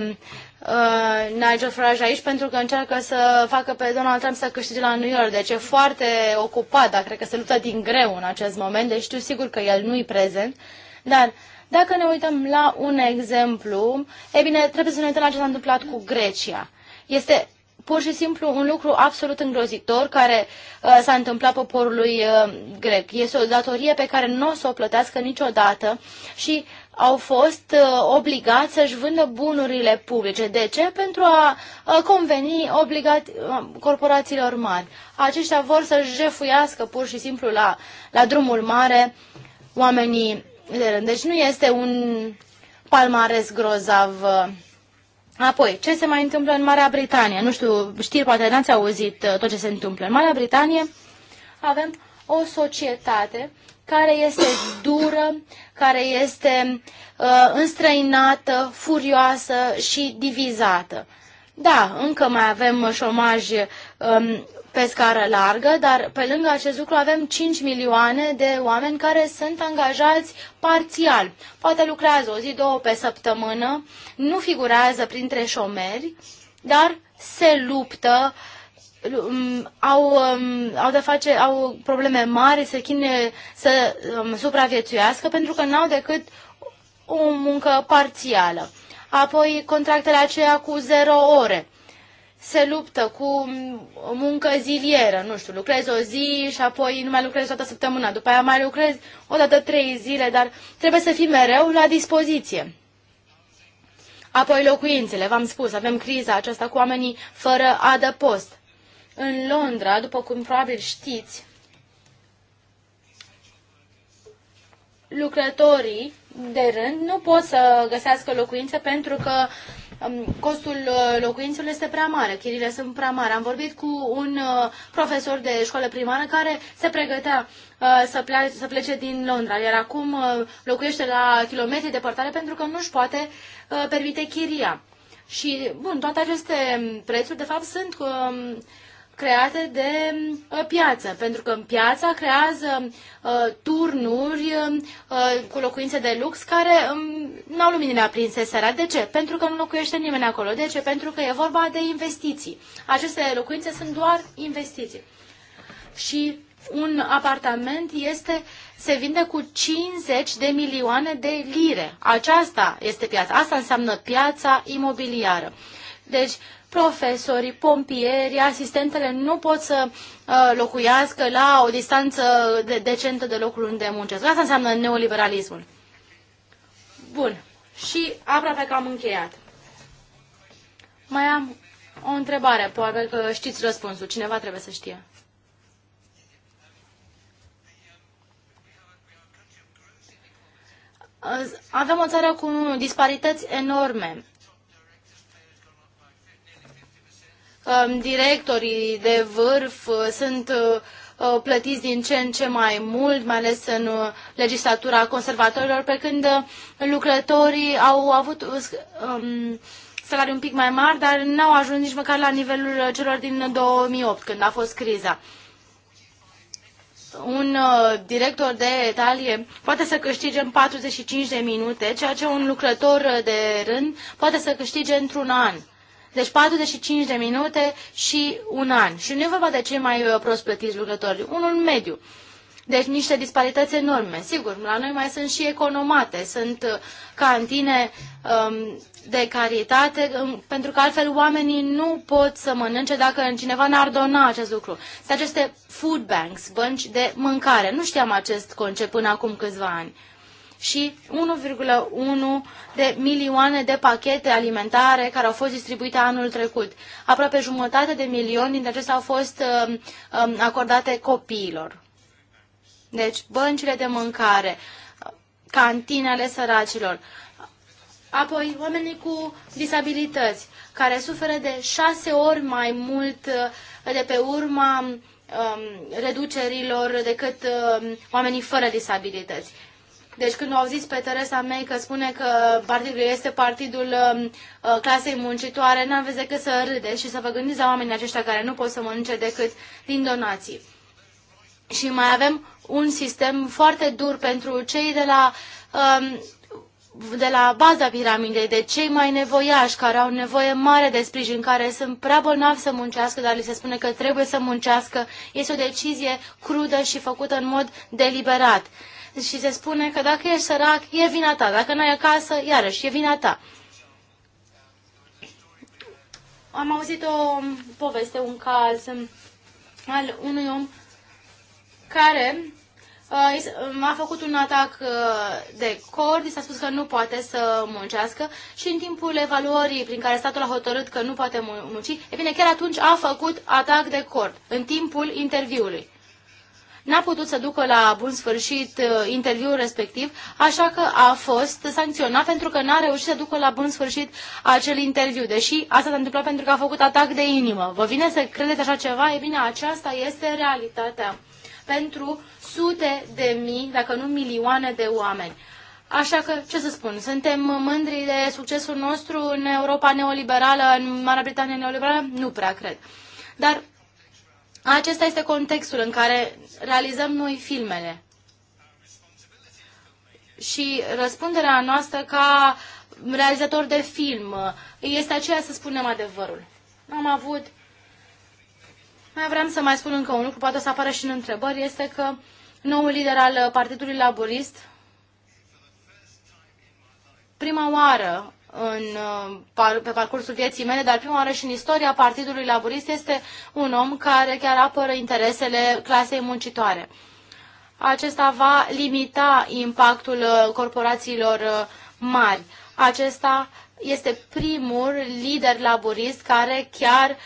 uh, Nigel Farage aici pentru că încearcă să facă pe Donald Trump să câștige la New York, deci e foarte ocupat, dar cred că se luptă din greu în acest moment, deci știu sigur că el nu-i prezent, dar dacă ne uităm la un exemplu, e bine, trebuie să ne uităm la ce s-a întâmplat cu Grecia. Este pur și simplu un lucru absolut îngrozitor care uh, s-a întâmplat poporului uh, grec. Este o datorie pe care nu o să o plătească niciodată și au fost uh, obligați să-și vândă bunurile publice. De ce? Pentru a uh, conveni obligat, uh, corporațiilor mari. Aceștia vor să jefuiască pur și simplu la, la drumul mare oamenii de rând. Deci nu este un palmares grozav. Uh, Apoi, ce se mai întâmplă în Marea Britanie? Nu știu, știri, poate n-ați auzit uh, tot ce se întâmplă. În Marea Britanie avem o societate care este dură, care este uh, înstrăinată, furioasă și divizată. Da, încă mai avem șomaj um, pe scară largă, dar pe lângă acest lucru avem 5 milioane de oameni care sunt angajați parțial. Poate lucrează o zi, două pe săptămână, nu figurează printre șomeri, dar se luptă, um, au, um, au de face, au probleme mari, se chine să um, supraviețuiască pentru că n-au decât o muncă parțială apoi contractele aceea cu zero ore. Se luptă cu muncă zilieră, nu știu, lucrezi o zi și apoi nu mai lucrezi toată săptămâna, după aia mai lucrezi o dată trei zile, dar trebuie să fii mereu la dispoziție. Apoi locuințele, v-am spus, avem criza aceasta cu oamenii fără adăpost. În Londra, după cum probabil știți, lucrătorii de rând nu pot să găsească locuințe pentru că um, costul uh, locuințelor este prea mare, chirile sunt prea mari. Am vorbit cu un uh, profesor de școală primară care se pregătea uh, să, plece, să plece din Londra, iar acum locuiește la kilometri departare pentru că nu-și poate permite chiria. Și, bun, toate aceste um, prețuri, de fapt, sunt um, create de uh, piață, pentru că în piața creează uh, turnuri uh, cu locuințe de lux care um, nu au luminile aprinse seara. De ce? Pentru că nu locuiește nimeni acolo. De ce? Pentru că e vorba de investiții. Aceste locuințe sunt doar investiții. Și un apartament este se vinde cu 50 de milioane de lire. Aceasta este piața. Asta înseamnă piața imobiliară. Deci, profesorii, pompieri, asistentele nu pot să uh, locuiască la o distanță de decentă de locul unde muncesc. Asta înseamnă neoliberalismul. Bun. Și aproape că am încheiat. Mai am o întrebare, Poate că știți răspunsul. Cineva trebuie să știe. Avem o țară cu disparități enorme Um, directorii de vârf uh, sunt uh, uh, plătiți din ce în ce mai mult, mai ales în legislatura conservatorilor, pe când lucrătorii au avut um, salarii un pic mai mari, dar n-au ajuns nici măcar la nivelul celor din 2008, când a fost criza. Un uh, director de talie poate să câștige în 45 de minute, ceea ce un lucrător de rând poate să câștige într-un an. Deci 45 de minute și un an. Și nu e vorba de cei mai uh, prost plătiți lucrători, unul mediu. Deci niște disparități enorme. Sigur, la noi mai sunt și economate, sunt uh, cantine um, de caritate, um, pentru că altfel oamenii nu pot să mănânce dacă cineva n-ar dona acest lucru. Sunt aceste food banks, bănci de mâncare. Nu știam acest concept până acum câțiva ani și 1,1 de milioane de pachete alimentare care au fost distribuite anul trecut. Aproape jumătate de milion dintre acestea au fost um, um, acordate copiilor. Deci, băncile de mâncare, cantinele săracilor, apoi oamenii cu disabilități, care suferă de șase ori mai mult uh, de pe urma um, reducerilor decât um, oamenii fără disabilități. Deci când au zis pe Teresa May că spune că partidul este partidul um, uh, clasei muncitoare, n-aveți decât să râdeți și să vă gândiți la oamenii aceștia care nu pot să mănânce decât din donații. Și mai avem un sistem foarte dur pentru cei de la, um, de la baza piramidei, de cei mai nevoiași, care au nevoie mare de sprijin, care sunt prea bolnavi să muncească, dar li se spune că trebuie să muncească. Este o decizie crudă și făcută în mod deliberat și se spune că dacă ești sărac, e vina ta. Dacă nu ai acasă, iarăși, e vina ta. Am auzit o poveste, un caz um, al unui om care uh, um, a făcut un atac uh, de cord, i s-a spus că nu poate să muncească și în timpul evaluării prin care statul a hotărât că nu poate munci, e bine, chiar atunci a făcut atac de cord, în timpul interviului n-a putut să ducă la bun sfârșit uh, interviul respectiv, așa că a fost sancționat pentru că n-a reușit să ducă la bun sfârșit acel interviu, deși asta s-a întâmplat pentru că a făcut atac de inimă. Vă vine să credeți așa ceva? E bine, aceasta este realitatea pentru sute de mii, dacă nu milioane de oameni. Așa că, ce să spun, suntem mândri de succesul nostru în Europa neoliberală, în Marea Britanie neoliberală? Nu prea cred. Dar acesta este contextul în care realizăm noi filmele. Și răspunderea noastră ca realizator de film este aceea să spunem adevărul. Am avut mai vreau să mai spun încă un lucru, poate o să apară și în întrebări, este că noul lider al Partidului Laborist, prima oară în, uh, pe parcursul vieții mele, dar prima oară și în istoria Partidului Laborist este un om care chiar apără interesele clasei muncitoare. Acesta va limita impactul uh, corporațiilor uh, mari. Acesta este primul lider laborist care chiar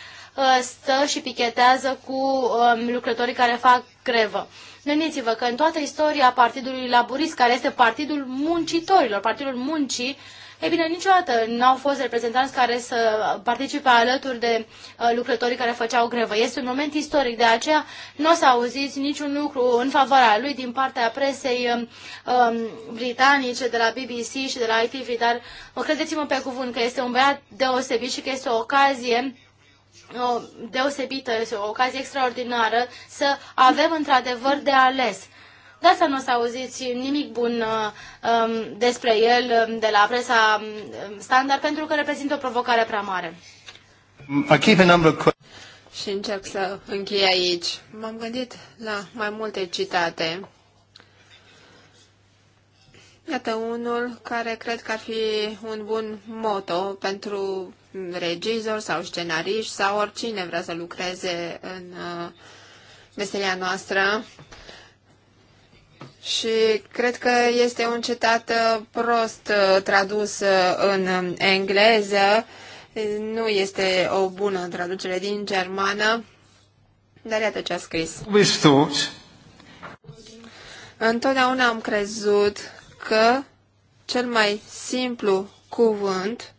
stă și pichetează cu um, lucrătorii care fac grevă. Gândiți-vă că în toată istoria Partidului Laborist, care este Partidul Muncitorilor, Partidul Muncii, E bine, niciodată n-au fost reprezentanți care să participe alături de uh, lucrătorii care făceau grevă. Este un moment istoric, de aceea nu o să auziți niciun lucru în favoarea lui din partea presei um, um britanice, de la BBC și de la ITV, dar uh, credeți-mă pe cuvânt că este un băiat deosebit și că este o ocazie deosebită, deosebită, o ocazie extraordinară să avem într-adevăr de ales. De asta nu o să auziți nimic bun uh, um, despre el um, de la presa um, standard, pentru că reprezintă o provocare prea mare. și încerc să închei aici. M-am gândit la mai multe citate. Iată unul care cred că ar fi un bun moto pentru regizor sau scenariști sau oricine vrea să lucreze în uh, meseria noastră. Și cred că este un citat uh, prost uh, tradus uh, în engleză. Nu este o bună traducere din germană, dar iată ce a scris. Întotdeauna am crezut că cel mai simplu cuvânt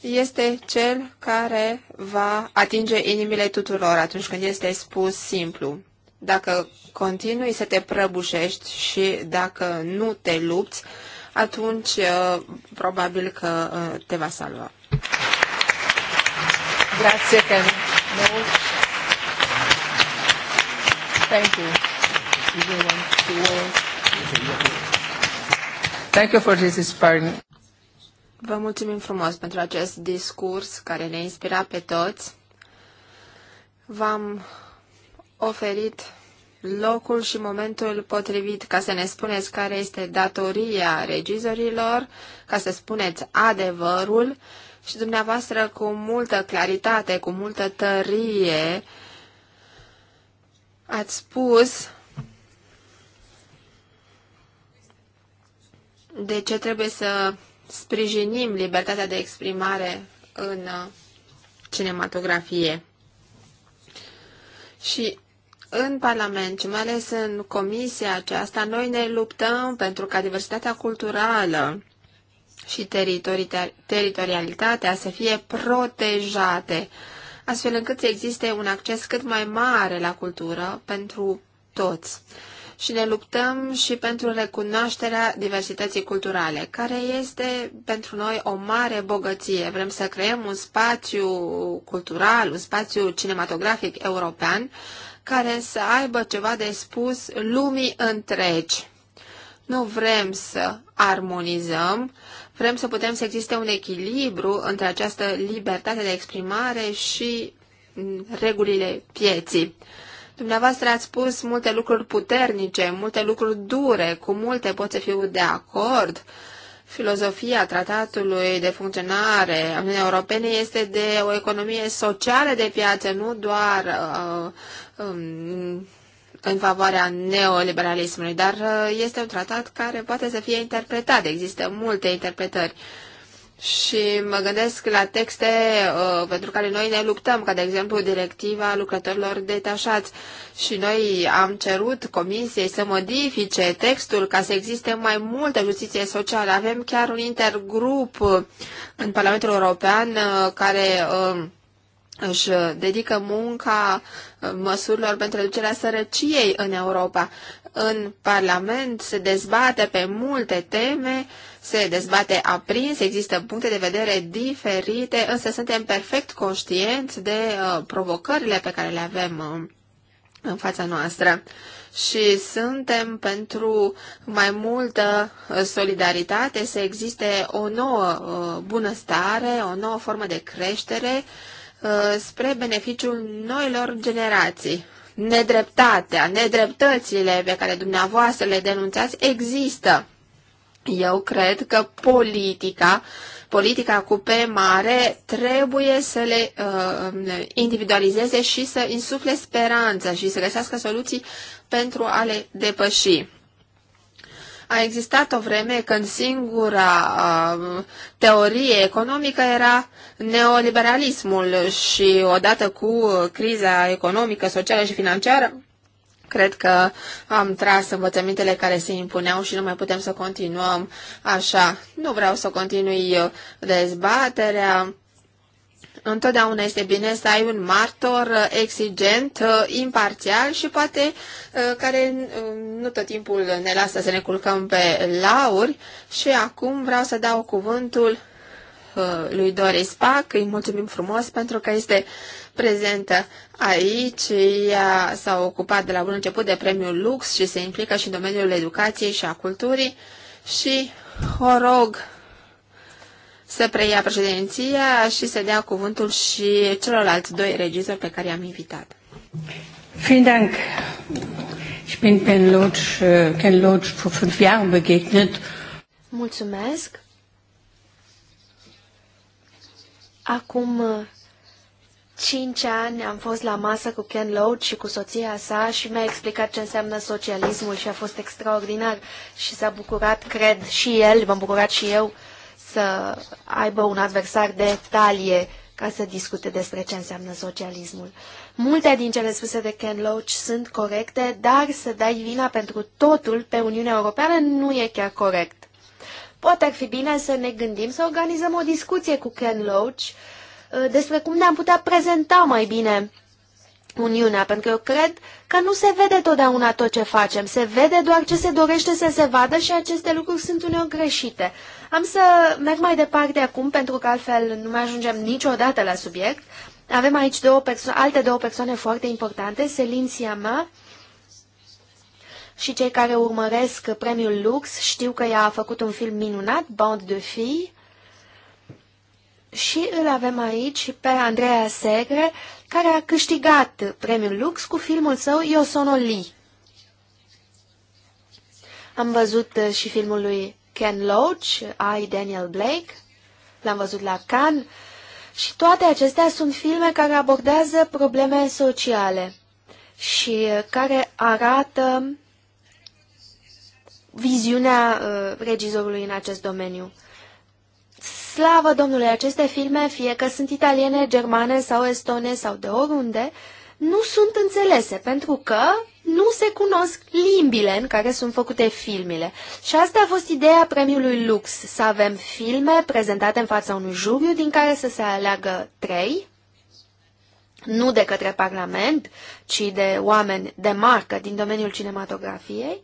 este cel care va atinge inimile tuturor atunci când este spus simplu. Dacă continui să te prăbușești și dacă nu te lupți, atunci uh, probabil că uh, te va salva. Grazie, Ken. No. Thank you. Thank you for this inspiring. Vă mulțumim frumos pentru acest discurs care ne-a inspirat pe toți. V-am oferit locul și momentul potrivit ca să ne spuneți care este datoria regizorilor, ca să spuneți adevărul și dumneavoastră cu multă claritate, cu multă tărie ați spus de ce trebuie să sprijinim libertatea de exprimare în cinematografie. Și în Parlament și mai ales în comisia aceasta, noi ne luptăm pentru ca diversitatea culturală și teritori teritorialitatea să fie protejate, astfel încât să existe un acces cât mai mare la cultură pentru toți. Și ne luptăm și pentru recunoașterea diversității culturale, care este pentru noi o mare bogăție. Vrem să creăm un spațiu cultural, un spațiu cinematografic european, care să aibă ceva de spus lumii întregi. Nu vrem să armonizăm, vrem să putem să existe un echilibru între această libertate de exprimare și regulile pieții. Dumneavoastră ați spus multe lucruri puternice, multe lucruri dure, cu multe pot să fiu de acord, Filozofia tratatului de funcționare a Uniunii Europene este de o economie socială de piață, nu doar uh, um, în favoarea neoliberalismului, dar uh, este un tratat care poate să fie interpretat. Există multe interpretări. Uh, și mă gândesc la texte uh, pentru care noi ne luptăm, ca de exemplu directiva lucrătorilor detașați. Și noi am cerut comisiei să modifice textul ca să existe mai multă justiție socială. Avem chiar un intergrup în Parlamentul European uh, care uh, își dedică munca uh, măsurilor pentru reducerea sărăciei în Europa. În Parlament se dezbate pe multe teme uh, se dezbate aprins, există puncte de vedere diferite, însă suntem perfect conștienți de uh, provocările pe care le avem uh, în fața noastră și suntem pentru mai multă uh, solidaritate, să existe o nouă uh, bunăstare, o nouă formă de creștere uh, spre beneficiul noilor generații. Nedreptatea, nedreptățile pe care dumneavoastră le denunțați există eu cred că politica, politica cu P mare trebuie să le uh, individualizeze și să insufle speranță și să găsească soluții pentru a le depăși. A existat o vreme când singura uh, teorie economică era neoliberalismul și odată cu criza economică, socială și financiară, Cred că am tras învățămintele care se impuneau și nu mai putem să continuăm așa. Nu vreau să continui uh, dezbaterea. Întotdeauna este bine să ai un martor uh, exigent, uh, imparțial și poate care nu tot timpul ne lasă să ne culcăm pe lauri. Și acum vreau să dau cuvântul lui Doris Pac. Îi mulțumim frumos pentru că este prezentă aici. Ea s-a ocupat de la bun început de premiul Lux și se implică și în domeniul educației și a culturii și o rog să preia președinția și să dea cuvântul și celorlalți doi regizori pe care i-am invitat. Vielen Dank. Ich bin Ben Lodge, äh, Ken Lodge vor fünf Jahren begegnet. Mulțumesc. Acum cinci ani am fost la masă cu Ken Loach și cu soția sa și mi-a explicat ce înseamnă socialismul și a fost extraordinar și s-a bucurat, cred, și el, m-am bucurat și eu să aibă un adversar de talie ca să discute despre ce înseamnă socialismul. Multe din cele spuse de Ken Loach sunt corecte, dar să dai vina pentru totul pe Uniunea Europeană nu e chiar corect. Poate ar fi bine să ne gândim să organizăm o discuție cu Ken Loach Uh, despre cum ne-am putea prezenta mai bine Uniunea, pentru că eu cred că nu se vede totdeauna tot ce facem, se vede doar ce se dorește să se vadă și aceste lucruri sunt uneori greșite. Am să merg mai departe acum, pentru că altfel nu mai ajungem niciodată la subiect. Avem aici două alte două persoane foarte importante, Selin Siama și cei care urmăresc premiul Lux știu că ea a făcut un film minunat, Bande de Fille, și îl avem aici pe Andreea Segre, care a câștigat premiul Lux cu filmul său Io sono Li. Am văzut uh, și filmul lui Ken Loach, I, Daniel Blake, l-am văzut la Cannes și toate acestea sunt filme care abordează probleme sociale și uh, care arată viziunea uh, regizorului în acest domeniu. Slavă Domnului, aceste filme, fie că sunt italiene, germane sau estone sau de oriunde, nu sunt înțelese pentru că nu se cunosc limbile în care sunt făcute filmele. Și asta a fost ideea premiului Lux, să avem filme prezentate în fața unui juriu din care să se aleagă trei, nu de către Parlament, ci de oameni de marcă din domeniul cinematografiei,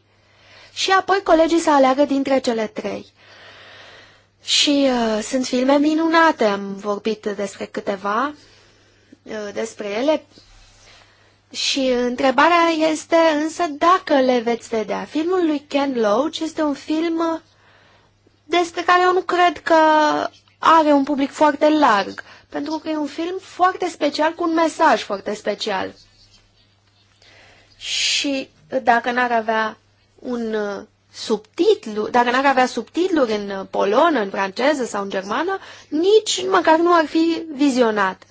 și apoi colegii să aleagă dintre cele trei. Și uh, sunt filme minunate, am vorbit despre câteva, uh, despre ele. Și întrebarea este însă dacă le veți vedea. Filmul lui Ken Loach este un film despre care eu nu cred că are un public foarte larg, pentru că e un film foarte special cu un mesaj foarte special. Și dacă n-ar avea un uh, subtitlu, dacă n-ar avea subtitluri în uh, polonă, în franceză sau în germană, nici măcar nu ar fi vizionat.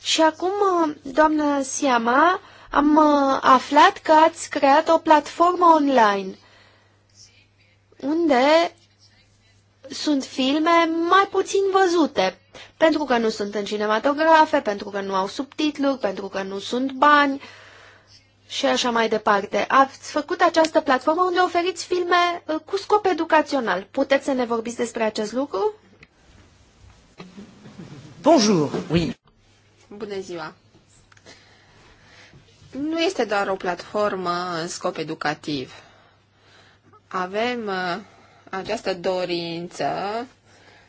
Și acum, uh, doamnă Siama, am uh, aflat că ați creat o platformă online unde sunt filme mai puțin văzute, pentru că nu sunt în cinematografe, pentru că nu au subtitluri, pentru că nu sunt bani, uh, și așa mai departe. Ați făcut această platformă unde oferiți filme uh, cu scop educațional. Puteți să ne vorbiți despre acest lucru? Bonjour, oui. Bună ziua. Nu este doar o platformă în scop educativ. Avem uh, această dorință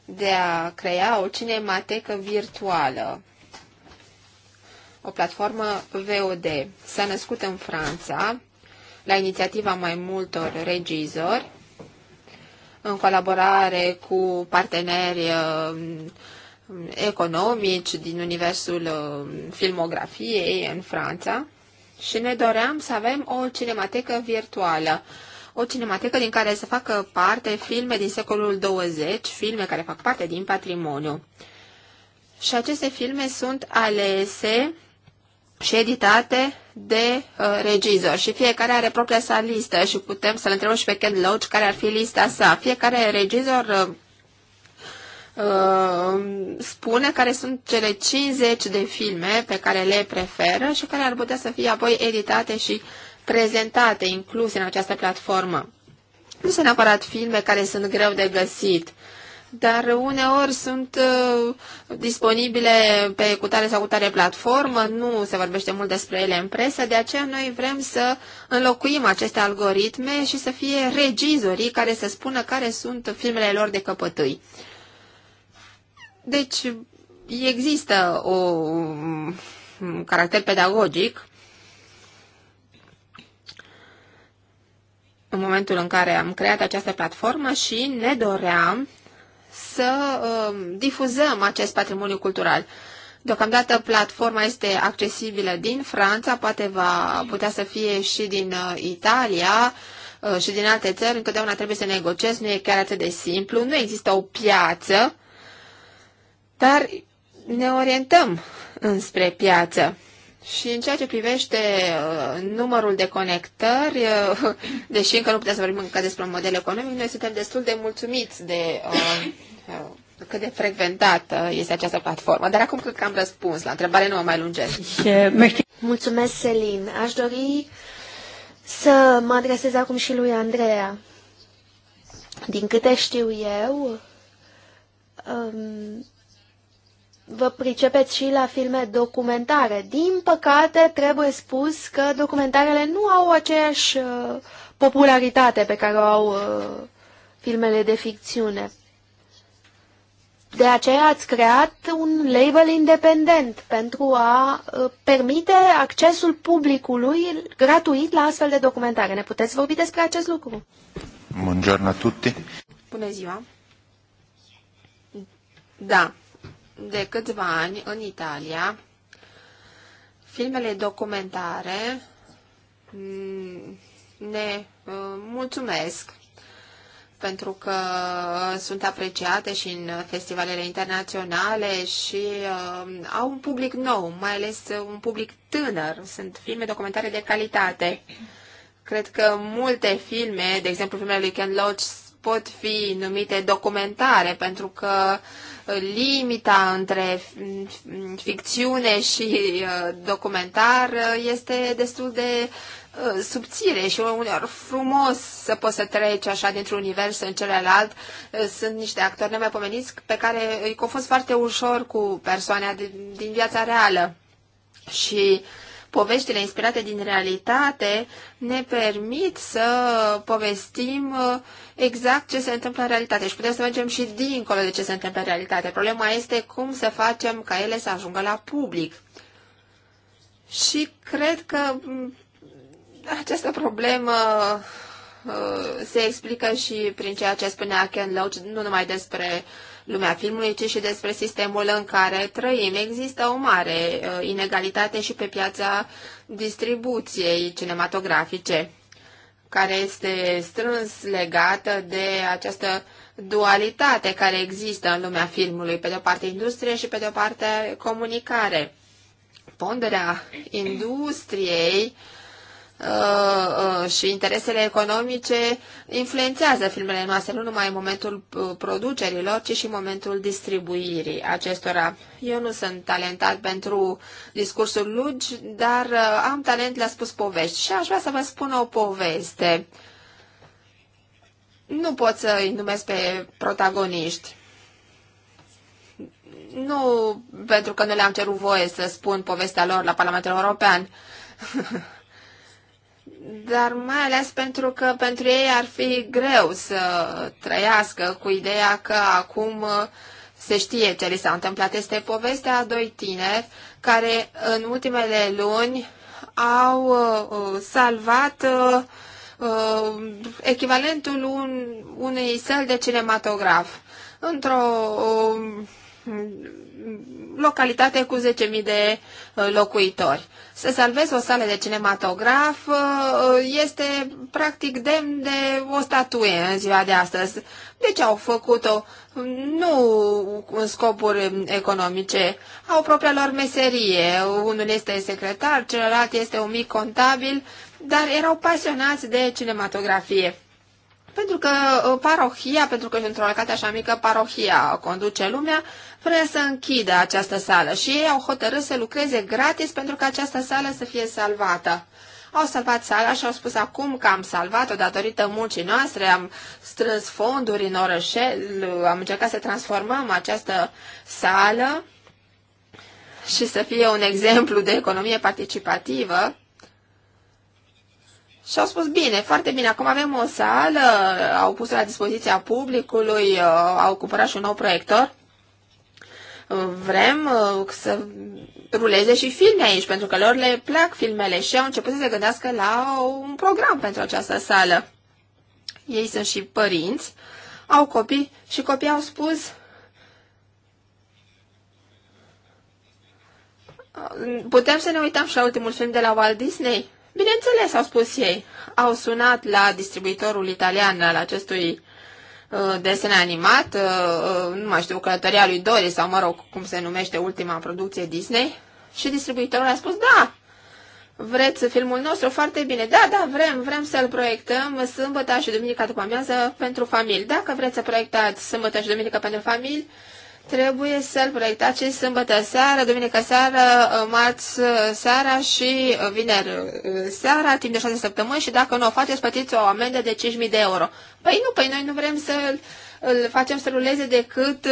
de a crea o cinematecă virtuală o platformă VOD. S-a născut în Franța, la inițiativa mai multor regizori, în colaborare cu parteneri uh, economici din universul uh, filmografiei în Franța și ne doream să avem o cinematecă virtuală, o cinematecă din care să facă parte filme din secolul 20, filme care fac parte din patrimoniu. Și aceste filme sunt alese și editate de uh, regizor și fiecare are propria sa listă și putem să-l întrebăm și pe Ken Loach care ar fi lista sa. Fiecare regizor uh, uh spune care sunt cele 50 de filme pe care le preferă și care ar putea să fie apoi editate și prezentate, incluse în această platformă. Nu sunt neapărat filme care sunt greu de găsit dar uneori sunt uh, disponibile pe cutare sau cutare platformă, nu se vorbește mult despre ele în presă, de aceea noi vrem să înlocuim aceste algoritme și să fie regizorii care să spună care sunt filmele lor de căpătâi. Deci există o, un caracter pedagogic în momentul în care am creat această platformă și ne doream să um, difuzăm acest patrimoniu cultural. Deocamdată platforma este accesibilă din Franța, poate va putea să fie și din uh, Italia uh, și din alte țări, întotdeauna trebuie să negociezi, nu e chiar atât de simplu, nu există o piață, dar ne orientăm înspre piață. Și în ceea ce privește uh, numărul de conectări, uh, <laughs> deși încă nu putem să vorbim încă despre un model economic, noi suntem destul de mulțumiți de uh, uh cât de frecventată este această platformă. Dar acum cred că am răspuns la întrebare, nu o mai lungesc. Mulțumesc, Selin. Aș dori să mă adresez acum și lui Andreea. Din câte știu eu, um, vă pricepeți și la filme documentare. Din păcate, trebuie spus că documentarele nu au aceeași uh, popularitate pe care o au uh, filmele de ficțiune. De aceea ați creat un label independent pentru a uh, permite accesul publicului gratuit la astfel de documentare. Ne puteți vorbi despre acest lucru? Buongiorno a tutti! Bună ziua! Da, de câțiva ani în Italia filmele documentare mm, ne uh, mulțumesc pentru că sunt apreciate și în festivalele internaționale și uh, au un public nou, mai ales un public tânăr. Sunt filme documentare de calitate. Cred că multe filme, de exemplu filmele lui Ken Loach, pot fi numite documentare pentru că uh, limita între ficțiune și uh, documentar uh, este destul de uh, subțire și uneori frumos să poți să treci așa dintr-un univers în celălalt. Sunt niște actori nemaipomeniți pe care îi confuz foarte ușor cu persoanea din viața reală. Și uh, poveștile inspirate din realitate ne permit să povestim uh, exact ce se întâmplă în realitate și putem să mergem și dincolo de ce se întâmplă în realitate. Problema este cum să facem ca ele să ajungă la public. Și cred că mm, această problemă uh, se explică și prin ceea ce spunea Ken Loach, nu numai despre lumea filmului, ci și despre sistemul în care trăim. Există o mare uh, inegalitate și pe piața distribuției cinematografice, care este strâns legată de această dualitate care există în lumea filmului, pe de o parte industrie și pe de o parte comunicare. Ponderea industriei uh, Uh, uh, și interesele economice influențează filmele noastre, nu numai în momentul uh, producerilor, ci și în momentul distribuirii acestora. Eu nu sunt talentat pentru discursul lungi, dar am talent la spus povești și aș vrea să vă spun o poveste. Nu pot să-i numesc pe protagoniști. Nu pentru că nu le-am cerut voie să spun povestea lor la Parlamentul European. <laughs> dar mai ales pentru că pentru ei ar fi greu să trăiască cu ideea că acum uh, se știe ce li s-a întâmplat. Este povestea a doi tineri care în ultimele luni au uh, uh, salvat echivalentul unui unei săli de cinematograf într-o localitate cu 10.000 de uh, locuitori. Să salvezi o sală de cinematograf uh, este practic demn de o statuie în ziua de astăzi. De deci ce au făcut-o? Nu în scopuri economice. Au propria lor meserie. Unul este secretar, celălalt este un mic contabil, dar erau pasionați de cinematografie. Pentru că uh, parohia, pentru că într-o locate așa mică, parohia conduce lumea, vrea să închidă această sală și ei au hotărât să lucreze gratis pentru că această sală să fie salvată. Au salvat sala și au spus acum că am salvat-o datorită muncii noastre, am strâns fonduri în orășel, am încercat să transformăm această sală și să fie un exemplu de economie participativă și au spus, bine, foarte bine, acum avem o sală, au pus la dispoziția publicului, uh, au cumpărat și un nou proiector. Vrem uh, să ruleze și filme aici, pentru că lor le plac filmele și au început să se gândească la un program pentru această sală. Ei sunt și părinți, au copii și copiii au spus, putem să ne uităm și la ultimul film de la Walt Disney? Bineînțeles, au spus ei, au sunat la distribuitorul italian al acestui uh, desen animat, uh, uh nu mai știu, călătoria lui Dory sau, mă rog, cum se numește ultima producție Disney, și distribuitorul a spus, da, vreți filmul nostru foarte bine, da, da, vrem, vrem să-l proiectăm sâmbătă și duminica după amiază pentru familie, Dacă vreți să proiectați sâmbătă și duminică pentru familie trebuie să-l proiectați și sâmbătă seara, duminică seara, uh, marți uh, seara și uh, vineri seara, timp de șase săptămâni și dacă nu o faceți, plătiți o amendă de 5.000 de euro. Păi nu, păi noi nu vrem să îl facem să ruleze decât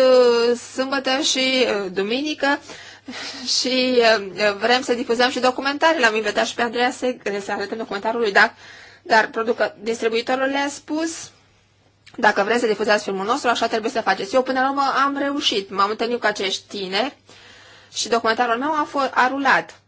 sâmbătă și duminică <laughs> și vrem să difuzăm și documentare. L-am invitat și pe Andreea să, să arătăm documentarul lui, dar, dar producă, distribuitorul le-a spus dacă vreți să difuzați filmul nostru, așa trebuie să faceți. Eu, până la urmă, am reușit. M-am întâlnit cu acești tineri și documentarul meu a, fost a rulat.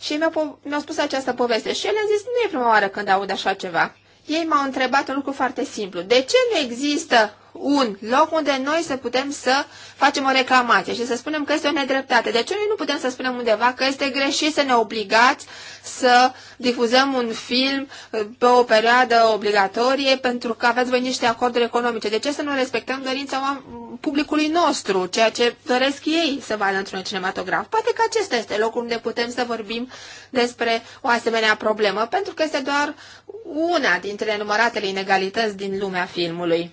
Și ei mi-au, mi-au spus această poveste și el a zis, nu e prima oară când aud așa ceva. Ei m-au întrebat un lucru foarte simplu. De ce nu există un loc unde noi să putem să facem o reclamație și să spunem că este o nedreptate. De deci ce noi nu putem să spunem undeva că este greșit să ne obligați să difuzăm un film uh, pe o perioadă obligatorie pentru că aveți voi niște acorduri economice? De ce să nu respectăm dorința publicului nostru, ceea ce doresc ei să vadă într-un cinematograf? Poate că acesta este locul unde putem să vorbim despre o asemenea problemă, pentru că este doar una dintre număratele inegalități din lumea filmului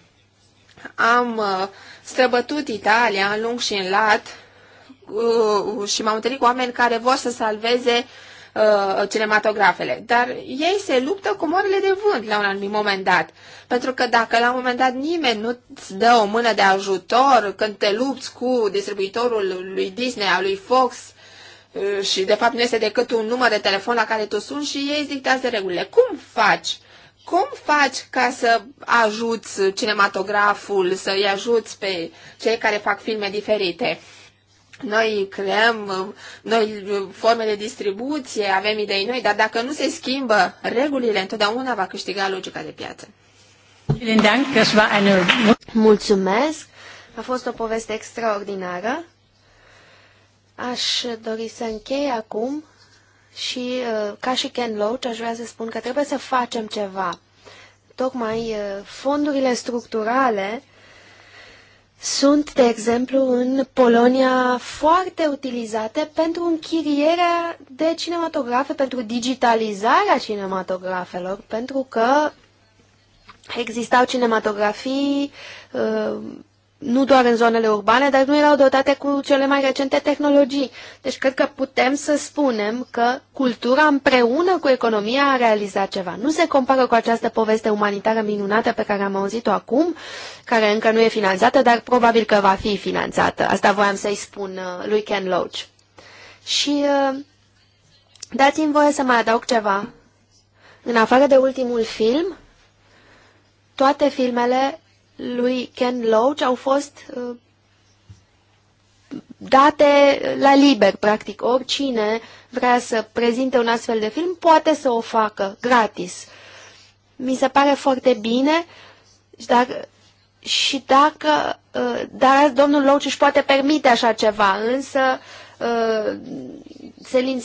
am uh, străbătut Italia în lung și în lat uh, și m-am întâlnit cu oameni care vor să salveze uh, cinematografele, dar ei se luptă cu morile de vânt la un anumit moment dat. Pentru că dacă la un moment dat nimeni nu îți dă o mână de ajutor când te lupți cu distribuitorul lui Disney, a lui Fox, și de fapt nu este decât un număr de telefon la care tu suni și ei îți dictează regulile. Cum faci? Cum faci ca să ajuți cinematograful, să-i ajuți pe cei care fac filme diferite? Noi creăm noi forme de distribuție, avem idei noi, dar dacă nu se schimbă regulile, întotdeauna va câștiga logica de piață. Mulțumesc! A fost o poveste extraordinară. Aș dori să închei acum și, uh, ca și Ken Loach, aș vrea să spun că trebuie să facem ceva. Tocmai uh, fondurile structurale sunt, de exemplu, în Polonia foarte utilizate pentru închirierea de cinematografe, pentru digitalizarea cinematografelor, pentru că existau cinematografii uh, nu doar în zonele urbane, dar nu erau dotate cu cele mai recente tehnologii. Deci cred că putem să spunem că cultura împreună cu economia a realizat ceva. Nu se compară cu această poveste umanitară minunată pe care am auzit-o acum, care încă nu e finanțată, dar probabil că va fi finanțată. Asta voiam să-i spun uh, lui Ken Loach. Și uh, dați-mi voie să mai adaug ceva. În afară de ultimul film, toate filmele lui Ken Loach au fost uh, date la liber, practic. Oricine vrea să prezinte un astfel de film poate să o facă gratis. Mi se pare foarte bine și dacă, și uh, dacă dar domnul Loach își poate permite așa ceva, însă uh, Selin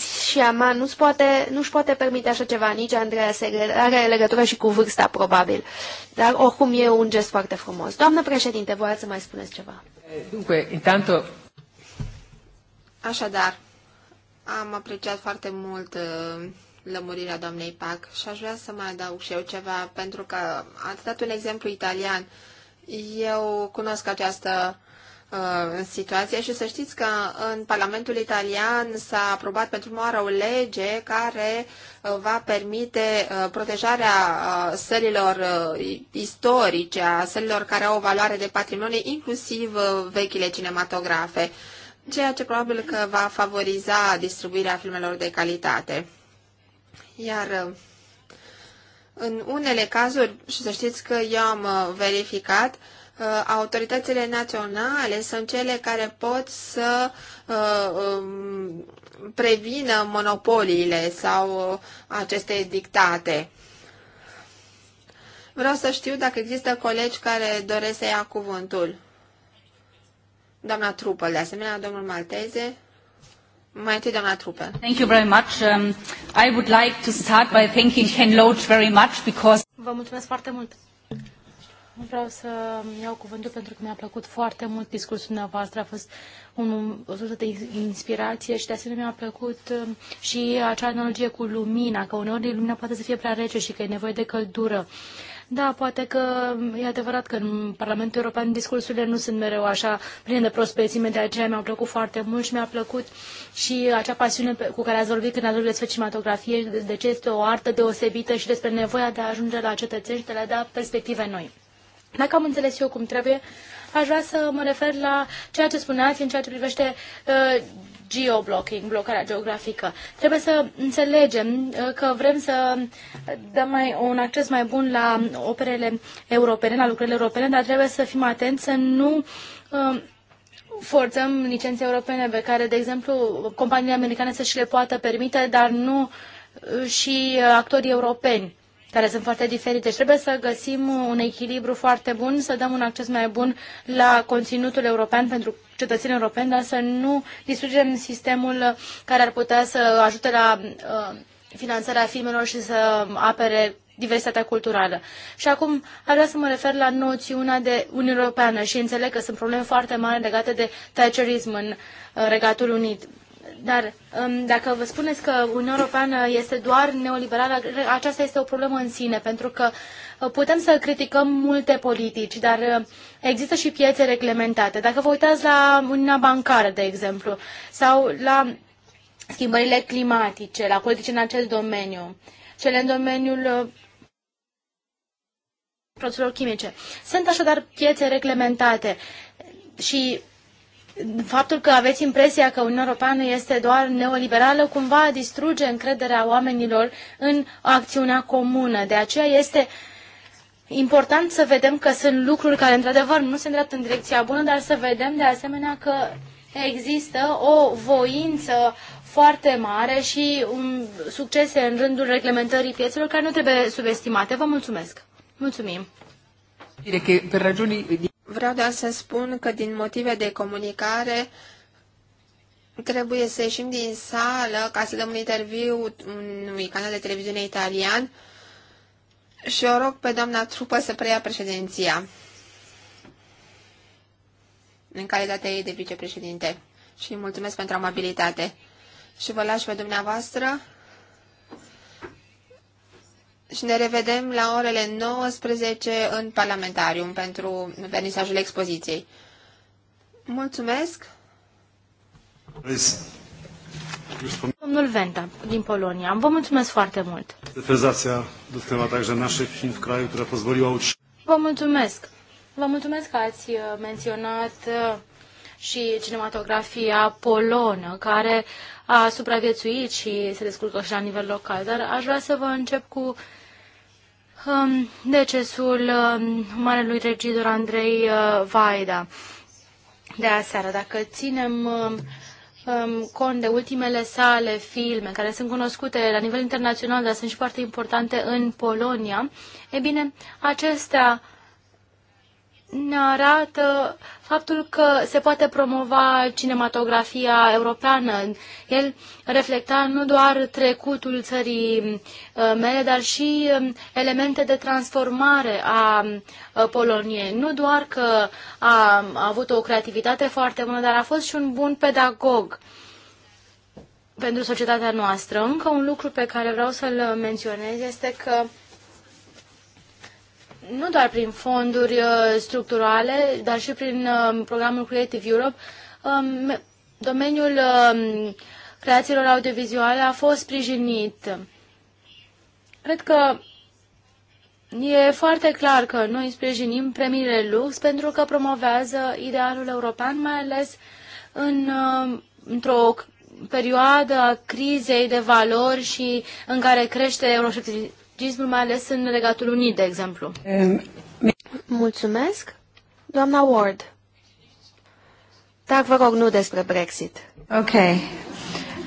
Aman nu-și poate, nu poate permite așa ceva, nici Andreea Segre are legătură și cu vârsta, probabil. Dar oricum e un gest foarte frumos. Doamnă președinte, voiați să mai spuneți ceva? Dunque, intanto... Așadar, am apreciat foarte mult uh, lămurirea doamnei Pac și aș vrea să mai adaug și eu ceva, pentru că ați dat un exemplu italian. Eu cunosc această Uh, situație. și să știți că în Parlamentul Italian s-a aprobat pentru prima oară o lege care uh, va permite uh, protejarea sălilor istorice, a sălilor care au o valoare de patrimoniu, inclusiv vechile cinematografe, ceea ce probabil că va favoriza distribuirea filmelor de calitate. Iar în unele cazuri, și să știți că eu am verificat, uh, Uh, autoritățile naționale sunt cele care pot să uh, um, prevină monopoliile sau uh, aceste dictate. Vreau să știu dacă există colegi care doresc să ia cuvântul. Doamna Trupă, de asemenea, domnul Malteze. Mai întâi, doamna Trupă. Thank you very much. Um, I would like to start by thanking Ken Loach very much because... Vă mulțumesc foarte mult. Vreau să iau cuvântul pentru că mi-a plăcut foarte mult discursul dumneavoastră. A fost un, o sursă de inspirație și de asemenea mi-a plăcut um, și acea analogie cu lumina, că uneori lumina poate să fie prea rece și că e nevoie de căldură. Da, poate că um, e adevărat că în Parlamentul European discursurile nu sunt mereu așa pline de prospețime, de aceea mi-au plăcut foarte mult și mi-a plăcut și acea pasiune cu care ați vorbit când ați vorbit despre cinematografie, de ce este o artă deosebită și despre nevoia de a ajunge la cetățeni și de a da perspective noi. Dacă am înțeles eu cum trebuie, aș vrea să mă refer la ceea ce spuneați în ceea ce privește uh, geoblocking, blocarea geografică. Trebuie să înțelegem uh, că vrem să dăm mai, un acces mai bun la operele europene, la lucrările europene, dar trebuie să fim atenți să nu uh, forțăm licențe europene pe care, de exemplu, companiile americane să și le poată permite, dar nu uh, și uh, actorii europeni care sunt foarte diferite. și trebuie să găsim un echilibru foarte bun, să dăm un acces mai bun la conținutul european pentru cetățenii europeni, dar să nu distrugem sistemul care ar putea să ajute la uh, finanțarea filmelor și să apere diversitatea culturală. Și acum ar vrea să mă refer la noțiunea de Uniune Europeană și înțeleg că sunt probleme foarte mari legate de thatcherism în uh, Regatul Unit. Dar um, dacă vă spuneți că Uniunea Europeană este doar neoliberală, aceasta este o problemă în sine, pentru că uh, putem să criticăm multe politici, dar uh, există și piețe reglementate. Dacă vă uitați la Uniunea Bancară, de exemplu, sau la schimbările climatice, la politici în acest domeniu, cele în domeniul uh, produselor chimice. Sunt așadar piețe reglementate și faptul că aveți impresia că Uniunea Europeană este doar neoliberală cumva distruge încrederea oamenilor în acțiunea comună. De aceea este important să vedem că sunt lucruri care într-adevăr nu se îndreaptă în direcția bună, dar să vedem de asemenea că există o voință foarte mare și un succese în rândul reglementării piețelor care nu trebuie subestimate. Vă mulțumesc! Mulțumim! Dire ragioni Vreau doar să spun că din motive de comunicare trebuie să ieșim din sală ca să dăm un interviu unui canal de televiziune italian și o rog pe doamna Trupă să preia președinția în calitatea ei de vicepreședinte și mulțumesc pentru amabilitate. Și vă las pe dumneavoastră și ne revedem la orele 19 în Parlamentarium pentru vernisajul expoziției. Mulțumesc! Domnul Venta, din Polonia, vă mulțumesc foarte mult! Vă mulțumesc! Vă mulțumesc că ați menționat și cinematografia polonă, care a supraviețuit și se descurcă și la nivel local, dar aș vrea să vă încep cu decesul marelui regidor Andrei uh, Vaida de aseară. Dacă ținem cont de ultimele sale filme, care sunt cunoscute la nivel internațional, dar sunt și foarte importante în Polonia, e bine, acestea ne arată faptul că se poate promova cinematografia europeană. El reflecta nu doar trecutul țării uh, mele, dar și um, elemente de transformare a uh, Poloniei. Nu doar că a avut o creativitate foarte bună, dar a fost și un bun pedagog pentru societatea noastră. Încă un lucru pe care vreau să-l menționez este că nu doar prin fonduri uh, structurale, dar și prin um, programul Creative Europe, um, domeniul um, creațiilor audiovizuale a fost sprijinit. Cred că e foarte clar că noi sprijinim premiile Lux pentru că promovează idealul european, mai ales în, într-o perioadă a crizei de valori și în care crește scepticismul, mai ales în Regatul Unit, de exemplu. Mulțumesc. Doamna Ward. Dar vă rog, nu despre Brexit. Ok.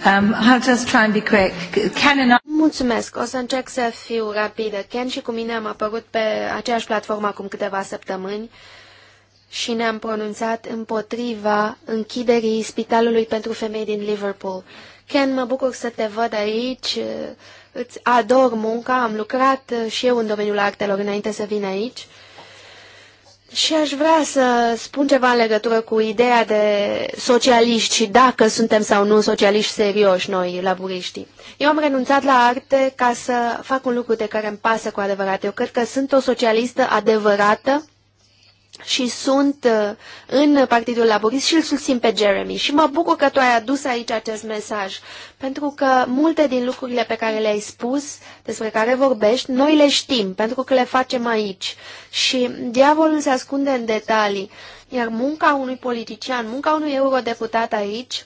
Um, I'll just try and be quick. Ken and I... Mulțumesc. O să încerc să fiu rapidă. Ken și cu mine am apărut pe aceeași platformă acum câteva săptămâni și ne-am pronunțat împotriva închiderii Spitalului pentru Femei din Liverpool. Uh, Ken, mă bucur să te văd aici. Îți ador munca, am lucrat uh, și eu în domeniul artelor înainte să vin aici. Și aș vrea să spun ceva în legătură cu ideea de socialiști și dacă suntem sau nu socialiști serioși noi, laburiștii. Eu am renunțat la arte ca să fac un lucru de care îmi pasă cu adevărat. Eu cred că sunt o socialistă adevărată și sunt uh, în Partidul Laborist și îl susțin pe Jeremy. Și mă bucur că tu ai adus aici acest mesaj, pentru că multe din lucrurile pe care le-ai spus, despre care vorbești, noi le știm, pentru că le facem aici. Și diavolul se ascunde în detalii, iar munca unui politician, munca unui eurodeputat aici,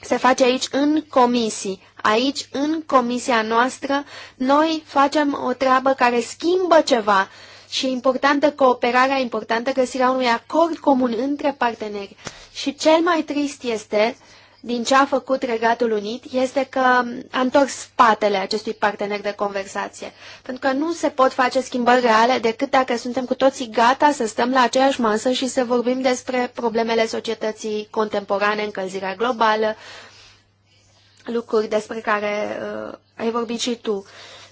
se face aici în comisii. Aici, în comisia noastră, noi facem o treabă care schimbă ceva, și e importantă cooperarea, importantă găsirea unui acord comun între parteneri. Și cel mai trist este, din ce a făcut Regatul Unit, este că a întors spatele acestui partener de conversație. Pentru că nu se pot face schimbări reale decât dacă suntem cu toții gata să stăm la aceeași masă și să vorbim despre problemele societății contemporane, încălzirea globală, lucruri despre care uh, ai vorbit și tu. Uh,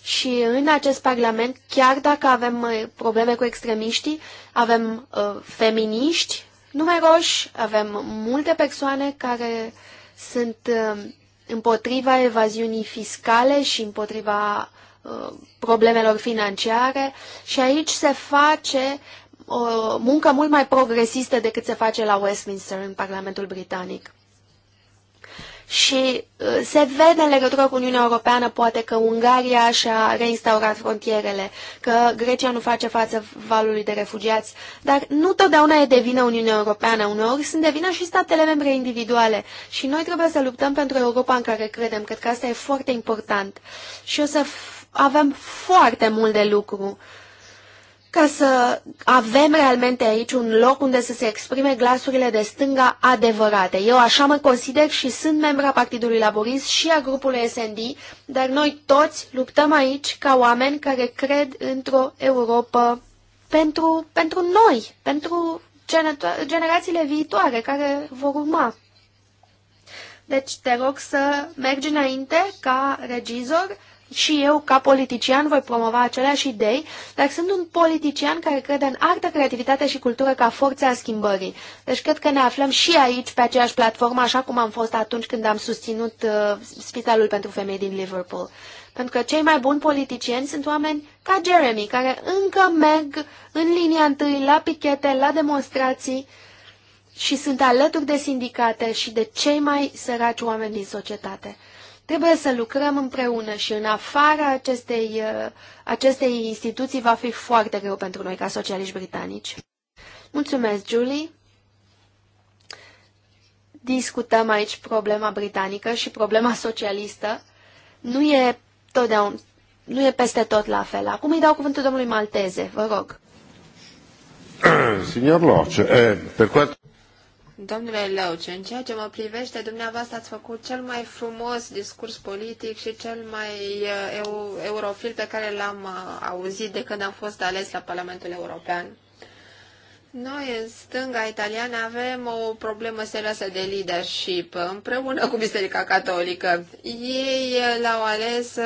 și în acest parlament, chiar dacă avem uh, probleme cu extremiștii, avem uh, feminiști numeroși, avem multe persoane care sunt uh, împotriva evaziunii fiscale și împotriva uh, problemelor financiare și aici se face o uh, muncă mult mai progresistă decât se face la Westminster în Parlamentul Britanic și uh, se vede în legătură cu Uniunea Europeană poate că Ungaria și-a reinstaurat frontierele, că Grecia nu face față valului de refugiați, dar nu totdeauna e de vină Uniunea Europeană, uneori sunt de vină și statele membre individuale și noi trebuie să luptăm pentru Europa în care credem, cred că asta e foarte important și o să avem foarte mult de lucru ca să avem realmente aici un loc unde să se exprime glasurile de stânga adevărate. Eu așa mă consider și sunt membra Partidului Laborist și a grupului SND, dar noi toți luptăm aici ca oameni care cred într-o Europa pentru, pentru noi, pentru generațiile viitoare care vor urma. Deci te rog să mergi înainte ca regizor și eu, ca politician, voi promova aceleași idei, dar sunt un politician care crede în artă, creativitate și cultură ca forța schimbării. Deci cred că ne aflăm și aici pe aceeași platformă, așa cum am fost atunci când am susținut uh, Spitalul pentru Femei din Liverpool. Pentru că cei mai buni politicieni sunt oameni ca Jeremy, care încă merg în linia întâi, la pichete, la demonstrații și sunt alături de sindicate și de cei mai săraci oameni din societate. Trebuie să lucrăm împreună și în afara acestei, uh, acestei instituții va fi foarte greu pentru noi ca socialiști britanici. Mulțumesc, Julie! Discutăm aici problema britanică și problema socialistă. Nu e, totdeauna, nu e peste tot la fel. Acum îi dau cuvântul domnului Malteze, vă rog. Signor Loce, eh, per quanto... Domnule Leuce, în ceea ce mă privește, dumneavoastră ați făcut cel mai frumos discurs politic și cel mai uh, eu, eurofil pe care l-am uh, auzit de când am fost ales la Parlamentul European. Noi, în stânga italiană, avem o problemă serioasă de leadership, împreună cu Biserica Catolică. Ei uh, l-au ales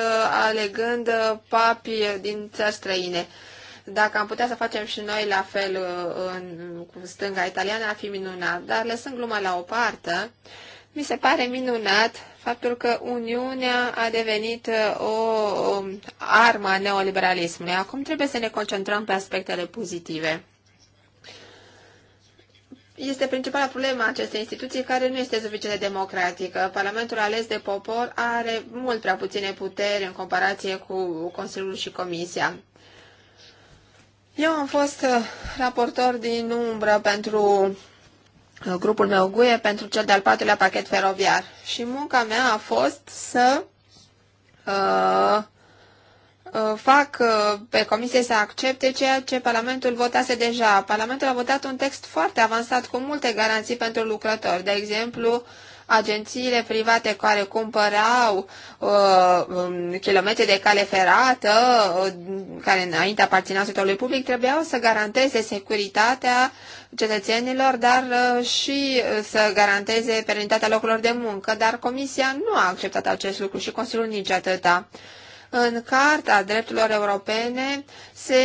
alegând papii din țări străine. Dacă am putea să facem și noi la fel uh, în, cu stânga italiană, ar fi minunat. Dar lăsând gluma la o parte, mi se pare minunat faptul că Uniunea a devenit uh, o um, armă a neoliberalismului. Acum trebuie să ne concentrăm pe aspectele pozitive. Este principala problemă a acestei instituții care nu este suficient de democratică. Parlamentul ales de popor are mult prea puține puteri în comparație cu Consiliul și Comisia. Eu am fost uh, raportor din umbră pentru uh, grupul meu GUE pentru cel de-al patrulea pachet feroviar și munca mea a fost să uh, uh fac pe comisie să accepte ceea ce Parlamentul votase deja. Parlamentul a votat un text foarte avansat cu multe garanții pentru lucrători. De exemplu, agențiile private care cumpărau uh, um, kilometri de cale ferată, uh, care înainte aparținea sectorului public, trebuiau să garanteze securitatea cetățenilor, dar uh, și să garanteze perenitatea locurilor de muncă, dar Comisia nu a acceptat acest lucru și Consiliul nici atâta. Uh, în Carta Drepturilor Europene se,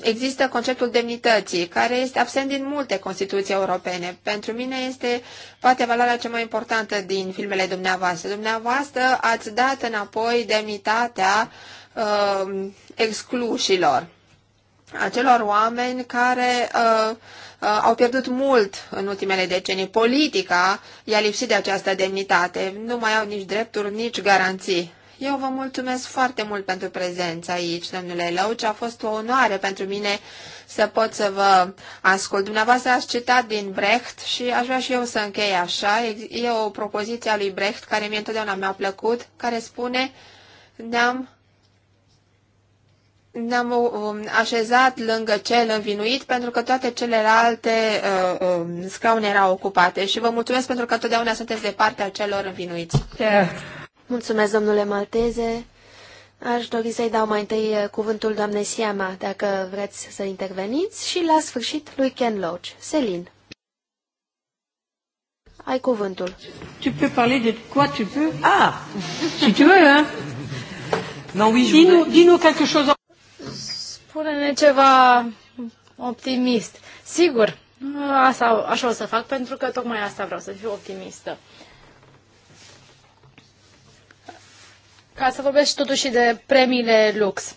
există conceptul demnității, care este absent din multe Constituții europene. Pentru mine este poate valoarea cea mai importantă din filmele dumneavoastră. Dumneavoastră ați dat înapoi demnitatea uh, exclușilor acelor oameni care uh, au pierdut mult în ultimele decenii. Politica i-a lipsit de această demnitate. Nu mai au nici drepturi, nici garanții. Eu vă mulțumesc foarte mult pentru prezența aici, domnule Lăuci. A fost o onoare pentru mine să pot să vă ascult. Dumneavoastră ați citat din Brecht și aș vrea și eu să închei așa. E o propoziție a lui Brecht care mie întotdeauna mi-a plăcut, care spune ne-am ne-am uh, um, așezat lângă cel învinuit pentru că toate celelalte uh, uh, scaune erau ocupate și vă mulțumesc pentru că totdeauna sunteți de partea celor învinuiți. Yeah. Mulțumesc, domnule Malteze. Aș dori să-i dau mai întâi eh, cuvântul doamnei Siama, dacă vreți să interveniți, și la sfârșit lui Ken Loach. Selin. Ai cuvântul. Tu peux parler de quoi tu peux? Ah! si tu veux, hein? Non, oui, je veux. dis-nous quelque chose. Spune-ne ceva optimist. Sigur, asta, așa o să fac, pentru că tocmai asta vreau să fiu optimistă. ca să vorbesc totuși de premiile Lux.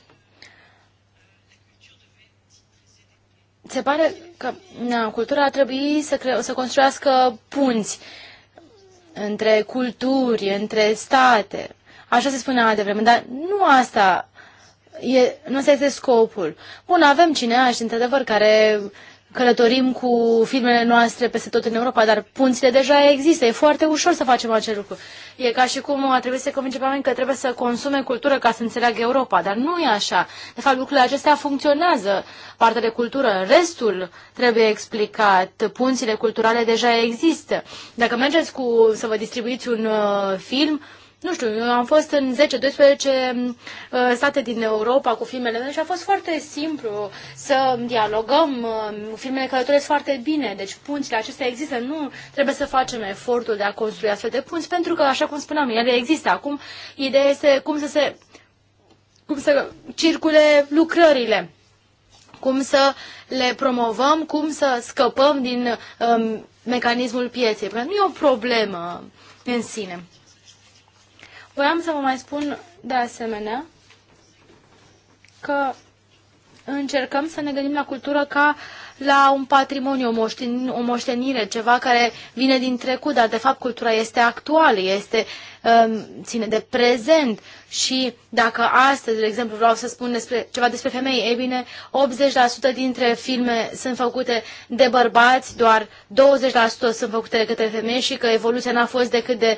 Se pare că na, cultura ar trebui să, cre- să construiască punți între culturi, între state. Așa se spunea de vreme, dar nu asta e, nu asta este scopul. Bun, avem cineași, într-adevăr, care călătorim cu filmele noastre peste tot în Europa, dar punțile deja există. E foarte ușor să facem acest lucru. E ca și cum a trebuit să convinge pe oameni că trebuie să consume cultură ca să înțeleagă Europa, dar nu e așa. De fapt, lucrurile acestea funcționează. Partea de cultură, restul trebuie explicat. Punțile culturale deja există. Dacă mergeți cu, să vă distribuiți un uh, film, uh, nu știu, am fost în 10-12 uh, state din Europa cu filmele mele și a fost foarte simplu să dialogăm. Uh, filmele călătoresc foarte bine, deci punțile acestea există. Nu trebuie să facem efortul de a construi astfel de punți, pentru că, așa cum spuneam, ele există. Acum, ideea este cum să se cum să circule lucrările, cum să le promovăm, cum să scăpăm din um, mecanismul pieței. Pentru că nu e o problemă în sine. Voiam să vă mai spun de asemenea că încercăm să ne gândim la cultură ca la un patrimoniu, o, moșten- o moștenire, ceva care vine din trecut, dar de fapt cultura este actuală, este Um, ține de prezent și dacă astăzi, de exemplu, vreau să spun despre, ceva despre femei, ei bine, 80% dintre filme sunt făcute de bărbați, doar 20% sunt făcute de către femei și că evoluția n-a fost decât de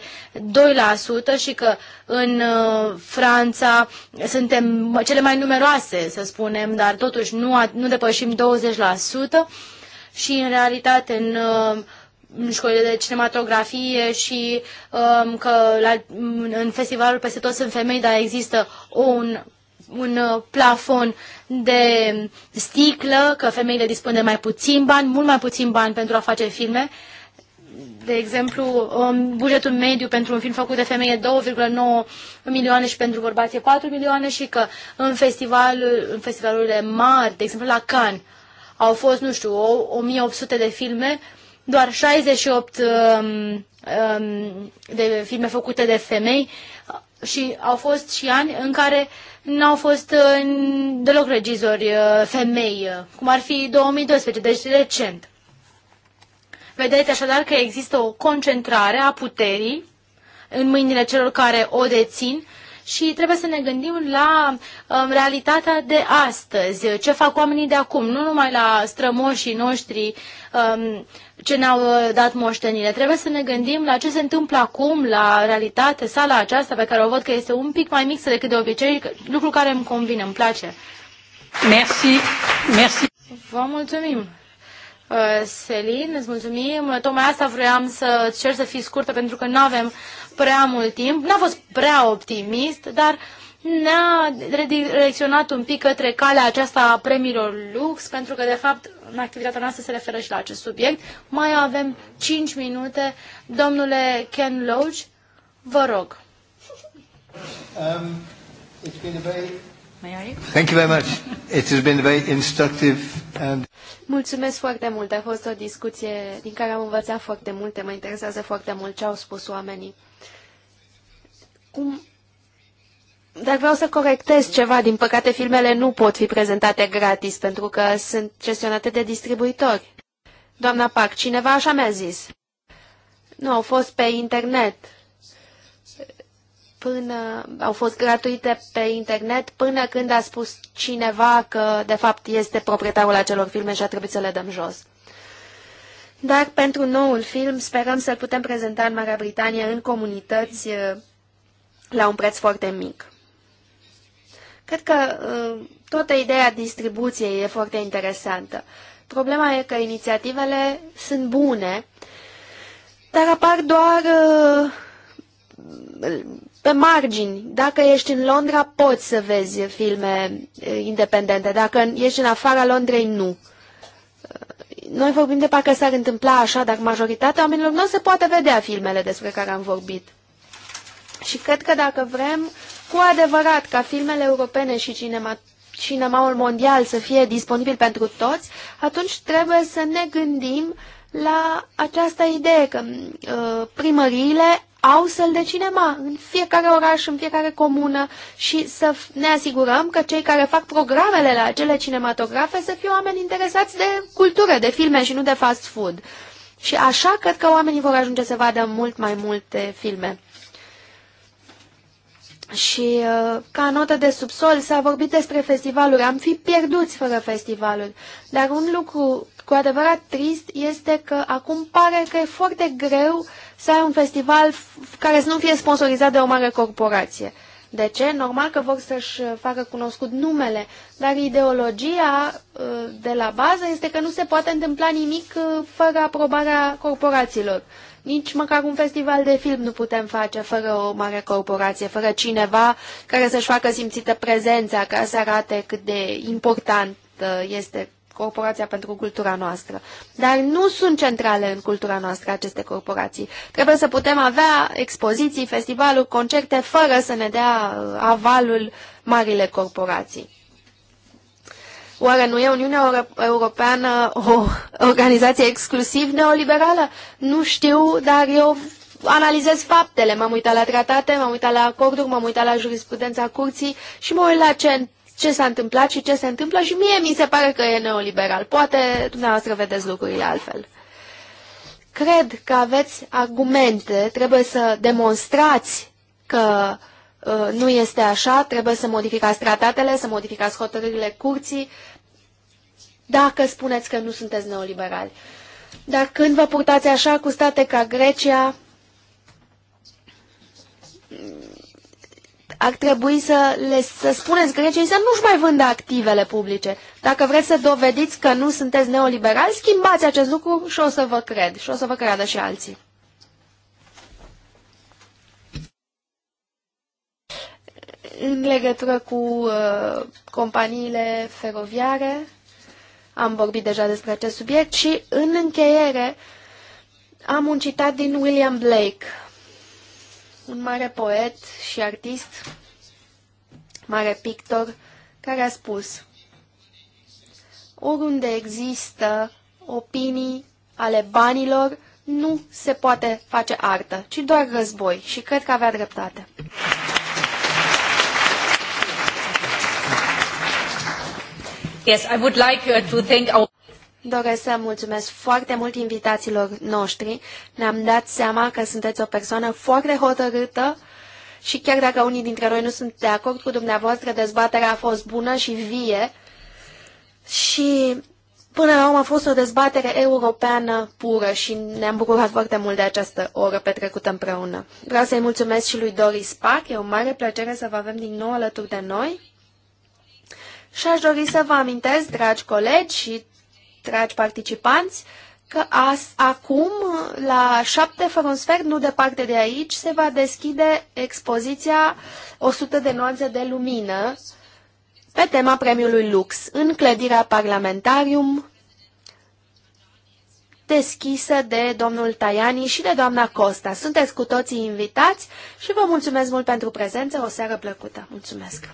2% și că în uh, Franța suntem cele mai numeroase, să spunem, dar totuși nu, nu depășim 20% și în realitate în uh, școlile de cinematografie și um, că la, în festivalul peste tot sunt femei, dar există un, un uh, plafon de sticlă, că femeile dispun de mai puțin bani, mult mai puțin bani pentru a face filme. De exemplu, um, bugetul mediu pentru un film făcut de femeie 2,9 milioane și pentru bărbați 4 milioane și că în, festival, în festivalurile mari, de exemplu la Cannes, au fost, nu știu, 1800 de filme, doar 68 um, um, de filme făcute de femei și au fost și ani în care n-au fost uh, deloc regizori uh, femei, uh, cum ar fi 2012, deci recent. Vedeți așadar că există o concentrare a puterii în mâinile celor care o dețin și trebuie să ne gândim la um, realitatea de astăzi, ce fac oamenii de acum, nu numai la strămoșii noștri um, ce ne-au uh, dat moștenire. Trebuie să ne gândim la ce se întâmplă acum, la realitate, sala aceasta pe care o văd că este un pic mai mixă decât de obicei, lucru care îmi convine, îmi place. Merci, merci. Vă mulțumim. Uh, Selin, îți mulțumim. Tocmai asta vroiam să cer să fii scurtă pentru că nu avem prea mult timp. N-a fost prea optimist, dar uh, ne-a redirecționat un pic către calea aceasta a premiilor lux, pentru că, de fapt, în activitatea noastră se referă și la acest subiect. Mai avem 5 minute. Domnule Ken Loach, vă rog. Um, it's been a very... Thank you very much. It has been very instructive and... Mulțumesc foarte mult. A fost o discuție din care am învățat foarte multe. Mă interesează foarte mult ce au spus oamenii. Cum dar vreau să corectez ceva. Din păcate, filmele nu pot fi prezentate gratis pentru că sunt gestionate de distribuitori. Doamna Pac, cineva așa mi-a zis. Nu, au fost pe internet. Până, au fost gratuite pe internet până când a spus cineva că, de fapt, este proprietarul acelor filme și a trebuit să le dăm jos. Dar pentru noul film sperăm să-l putem prezenta în Marea Britanie în comunități la un preț foarte mic. Cred că uh, toată ideea distribuției e foarte interesantă. Problema e că inițiativele sunt bune, dar apar doar uh, pe margini. Dacă ești în Londra, poți să vezi filme uh, independente. Dacă ești în afara Londrei, nu. Noi vorbim de parcă s-ar întâmpla așa, dar majoritatea oamenilor nu se poate vedea filmele despre care am vorbit. Și cred că dacă vrem cu adevărat ca filmele europene și cinema, cinemaul mondial să fie disponibil pentru toți, atunci trebuie să ne gândim la această idee că uh, primăriile au săl de cinema în fiecare oraș, în fiecare comună și să ne asigurăm că cei care fac programele la acele cinematografe să fie oameni interesați de cultură, de filme și nu de fast food. Și așa cred că oamenii vor ajunge să vadă mult mai multe filme. Și uh, ca notă de subsol s-a vorbit despre festivaluri. Am fi pierduți fără festivaluri. Dar un lucru cu adevărat trist este că acum pare că e foarte greu să ai un festival care să nu fie sponsorizat de o mare corporație. De ce? Normal că vor să-și uh, facă cunoscut numele, dar ideologia uh, de la bază este că nu se poate întâmpla nimic fără aprobarea corporațiilor. Nici măcar un festival de film nu putem face fără o mare corporație, fără cineva care să-și facă simțită prezența, care să arate cât de important este Corporația pentru Cultura Noastră. Dar nu sunt centrale în cultura noastră aceste corporații. Trebuie să putem avea expoziții, festivaluri, concerte, fără să ne dea uh, avalul marile corporații. Oare nu e Uniunea Europeană o <laughs> organizație exclusiv neoliberală? Nu știu, dar eu analizez faptele. M-am uitat la tratate, m-am uitat la acorduri, m-am uitat la jurisprudența curții și mă uit la ce, ce s-a întâmplat și ce se întâmplă și mie mi se pare că e neoliberal. Poate dumneavoastră vedeți lucrurile altfel. Cred că aveți argumente, trebuie să demonstrați că uh, nu este așa, trebuie să modificați tratatele, să modificați hotărârile curții, dacă spuneți că nu sunteți neoliberali. Dar când vă purtați așa cu state ca Grecia, ar trebui să, le, să spuneți Greciei să nu-și mai vândă activele publice. Dacă vreți să dovediți că nu sunteți neoliberali, schimbați acest lucru și o să vă cred și o să vă creadă și alții. În legătură cu uh, companiile feroviare, am vorbit deja despre acest subiect și, în încheiere, am un citat din William Blake, un mare poet și artist, mare pictor, care a spus Oriunde există opinii ale banilor, nu se poate face artă, ci doar război și cred că avea dreptate. Yes, I would like uh, to thank our... Doresc să mulțumesc foarte mult invitațiilor noștri. Ne-am dat seama că sunteți o persoană foarte hotărâtă și chiar dacă unii dintre noi nu sunt de acord cu dumneavoastră, dezbaterea a fost bună și vie și până la urmă a fost o dezbatere europeană pură și ne-am bucurat foarte mult de această oră petrecută împreună. Vreau să-i mulțumesc și lui Doris Pac, e o mare plăcere să vă avem din nou alături de noi. Și aș dori să vă amintesc, dragi colegi și dragi participanți, că as, acum, la șapte fără un sfert, nu departe de aici, se va deschide expoziția 100 de nuanțe de lumină pe tema premiului Lux, în clădirea Parlamentarium, deschisă de domnul Tajani și de doamna Costa. Sunteți cu toții invitați și vă mulțumesc mult pentru prezență. O seară plăcută. Mulțumesc!